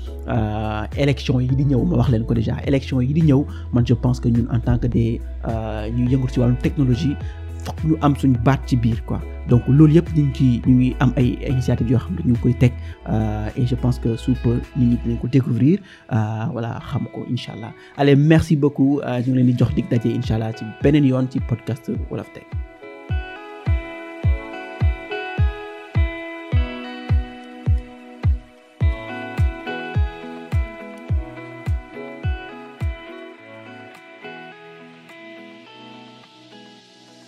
élection yi di ñëw ma wax leen ko déjà élection yi di ñëw man je pense que ñun en tant que des ñu yëngu ci wàllum technologie foog ñu am suñ baat ci biir quoi donc loolu yëpp ñu ngi ñu am ay initiatives yoo xam ne ñu ngi koy teg euh, et je pense que ñu ngi nit ñi dinañ ko découvrir euh, voilà xam ko incha allah allez merci beaucoup euh, ñu ngi leen di jox dig daje incha allah ci beneen yoon ci podcast Wolof Tech